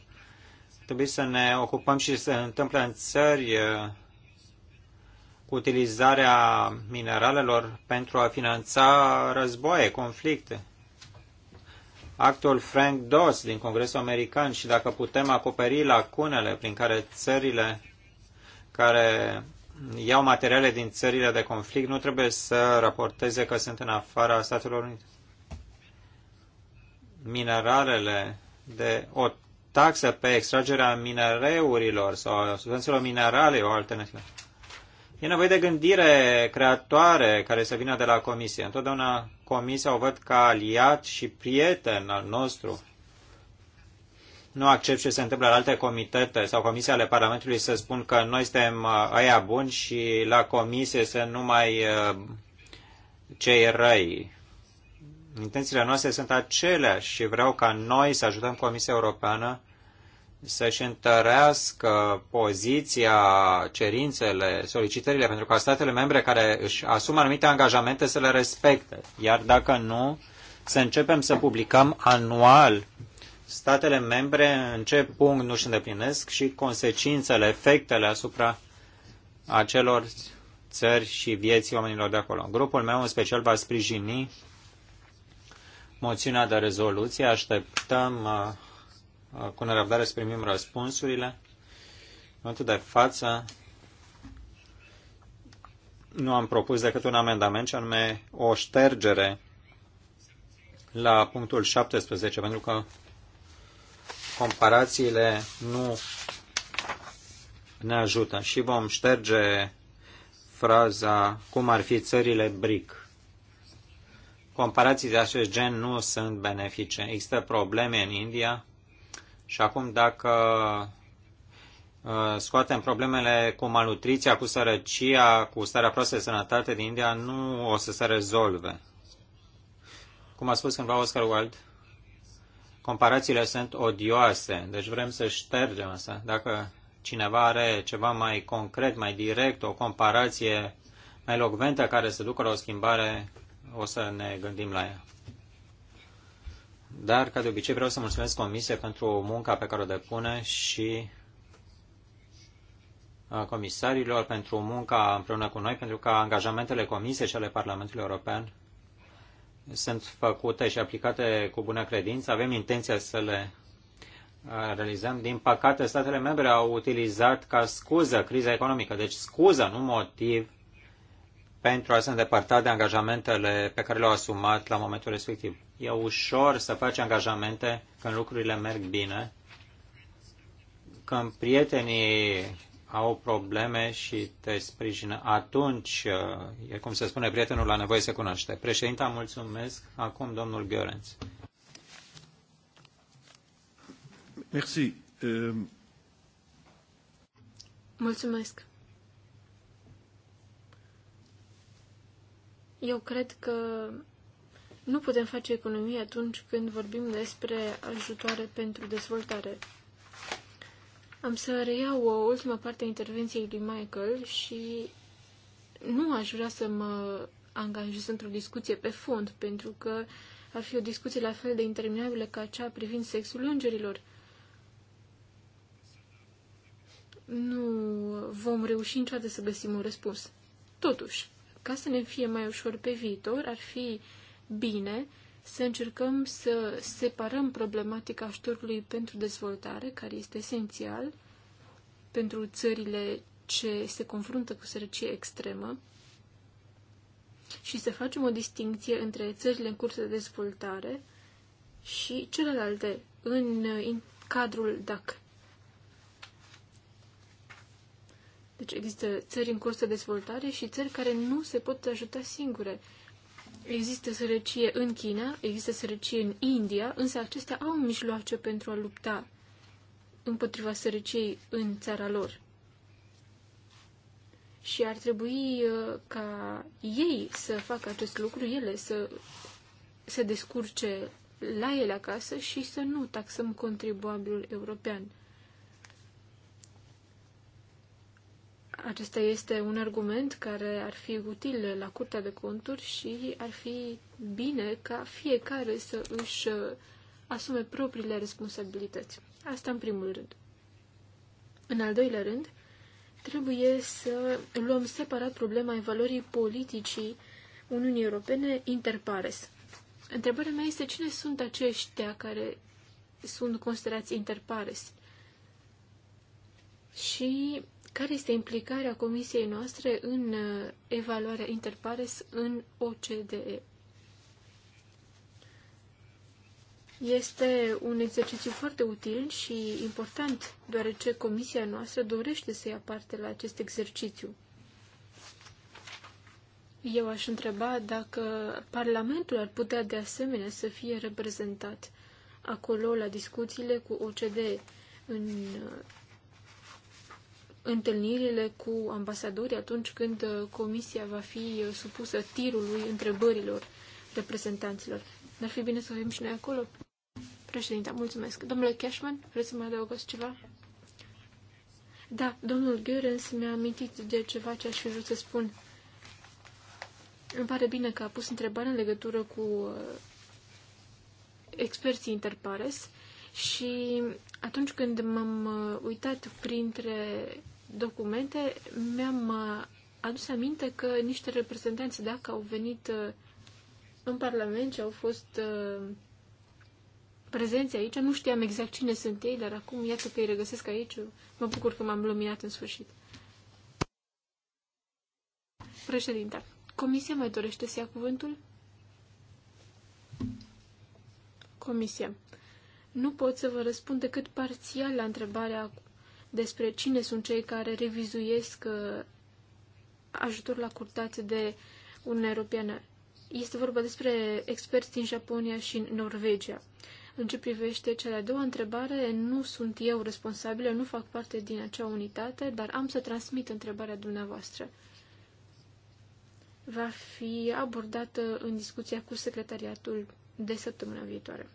Trebuie să ne ocupăm și să întâmplă în țări uh, cu utilizarea mineralelor pentru a finanța războaie, conflicte. Actul Frank Doss din Congresul American și dacă putem acoperi lacunele prin care țările care iau materiale din țările de conflict nu trebuie să raporteze că sunt în afara Statelor Unite. Mineralele de o taxă pe extragerea minereurilor sau subvențiilor minerale, o alternativă. E nevoie de gândire creatoare care să vină de la comisie. Întotdeauna comisia o văd ca aliat și prieten al nostru nu accept ce se întâmplă la alte comitete sau comisii ale Parlamentului să spun că noi suntem uh, aia buni și la comisie sunt numai uh, cei răi. Intențiile noastre sunt aceleași și vreau ca noi să ajutăm Comisia Europeană să-și întărească poziția, cerințele, solicitările, pentru ca statele membre care își asumă anumite angajamente să le respecte. Iar dacă nu, să începem să publicăm anual statele membre în ce punct nu își îndeplinesc și consecințele, efectele asupra acelor țări și vieții oamenilor de acolo. Grupul meu în special va sprijini moțiunea de rezoluție. Așteptăm uh, uh, cu nerăbdare să primim răspunsurile. În momentul de față nu am propus decât un amendament, ce anume o ștergere la punctul 17, pentru că comparațiile nu ne ajută și vom șterge fraza cum ar fi țările BRIC. Comparații de acest gen nu sunt benefice. Există probleme în India și acum dacă uh, scoatem problemele cu malnutriția, cu sărăcia, cu starea proastă de sănătate din India, nu o să se rezolve. Cum a spus cândva Oscar Wilde, comparațiile sunt odioase, deci vrem să ștergem asta. Dacă cineva are ceva mai concret, mai direct, o comparație mai locventă care să ducă la o schimbare, o să ne gândim la ea. Dar, ca de obicei, vreau să mulțumesc comisie pentru munca pe care o depune și comisarilor pentru munca împreună cu noi, pentru că angajamentele Comisiei și ale Parlamentului European sunt făcute și aplicate cu bună credință. Avem intenția să le uh, realizăm. Din păcate, statele membre au utilizat ca scuză criza economică, deci scuză, nu motiv, pentru a se îndepărta de angajamentele pe care le-au asumat la momentul respectiv. E ușor să faci angajamente când lucrurile merg bine, când prietenii au probleme și te sprijină, atunci, uh, e cum se spune, prietenul la nevoie se cunoaște. Președinta, mulțumesc. Acum domnul Gheorenț. Merci. Um, mulțumesc. Eu cred că nu putem face economie atunci când vorbim despre ajutoare pentru dezvoltare. Am să reiau o ultima parte a intervenției lui Michael și nu aș vrea să mă angajez într-o discuție pe fond, pentru că ar fi o discuție la fel de interminabilă ca cea privind sexul îngerilor. Nu vom reuși niciodată să găsim un răspuns. Totuși, ca să ne fie mai ușor pe viitor, ar fi bine să încercăm să separăm problematica ajutorului pentru dezvoltare, care este esențial pentru țările ce se confruntă cu sărăcie extremă, și să facem o distinție între țările în curs de dezvoltare și celelalte în, în cadrul DAC. Deci există țări în curs de dezvoltare și țări care nu se pot ajuta singure Există sărăcie în China, există sărăcie în India, însă acestea au mijloace pentru a lupta împotriva sărăciei în țara lor. Și ar trebui uh, ca ei să facă acest lucru, ele să se descurce la ele acasă și să nu taxăm contribuabilul european. Acesta este un argument care ar fi util la Curtea de Conturi și ar fi bine ca fiecare să își uh, asume propriile responsabilități. Asta în primul rând. În al doilea rând, trebuie să luăm separat problema evaluării politicii Uniunii Europene interpares. Întrebarea mea este cine sunt aceștia care sunt considerați interpares? Și care este implicarea comisiei noastre în uh, evaluarea interpares în OCDE. Este un exercițiu foarte util și important, deoarece comisia noastră dorește să ia parte la acest exercițiu. Eu aș întreba dacă Parlamentul ar putea de asemenea să fie reprezentat acolo la discuțiile cu OCDE în uh, întâlnirile cu ambasadorii atunci când uh, comisia va fi uh, supusă tirului întrebărilor reprezentanților. N-ar fi bine să fim și noi acolo? Președinte, mulțumesc. Domnule Cashman, vreți să mai adăugați ceva? Da, domnul Görens mi-a amintit de ceva ce aș fi vrut să spun. Îmi pare bine că a pus întrebare în legătură cu uh, experții interpares și atunci când m-am uh, uitat printre documente, mi-am uh, adus aminte că niște reprezentanți dacă au venit uh, în Parlament și au fost uh, prezenți aici, nu știam exact cine sunt ei, dar acum iată că îi regăsesc aici, mă bucur că m-am luminat în sfârșit. Președinte, Comisia mai dorește să ia cuvântul? Comisia. Nu pot să vă răspund decât parțial la întrebarea despre cine sunt cei care revizuiesc uh, ajutorul acordat de Uniunea Europeană. Este vorba despre experți din Japonia și Norvegia. În ce privește cea de-a doua întrebare, nu sunt eu responsabilă, nu fac parte din acea unitate, dar am să transmit întrebarea dumneavoastră. Va fi abordată în discuția cu secretariatul de săptămâna viitoare.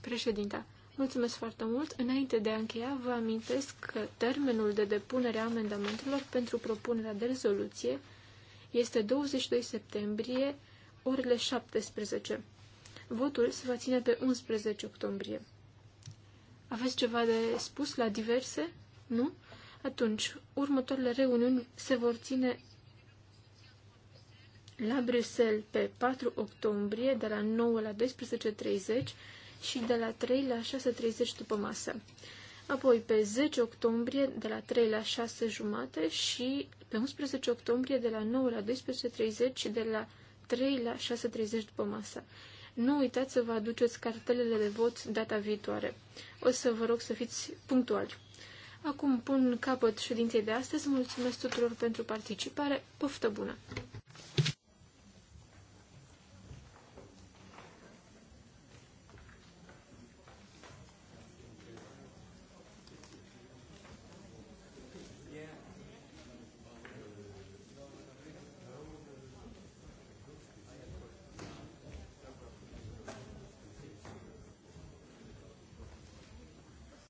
Președinta, Mulțumesc foarte mult. Înainte de a încheia, vă amintesc că termenul de depunere a amendamentelor pentru propunerea de rezoluție este 22 septembrie, orele 17. Votul se va ține pe 11 octombrie. Aveți ceva de spus la diverse? Nu? Atunci, următoarele reuniuni se vor ține la Bruxelles pe 4 octombrie de la 9 la 12.30 și de la 3 la 6.30 după masă. Apoi pe 10 octombrie de la 3 la 6 jumate și pe 11 octombrie de la 9 la 12.30 și de la 3 la 6.30 după masă. Nu uitați să vă aduceți cartelele de vot data viitoare. O să vă rog să fiți punctuali. Acum pun capăt ședinței de astăzi. Mulțumesc tuturor pentru participare. Poftă bună!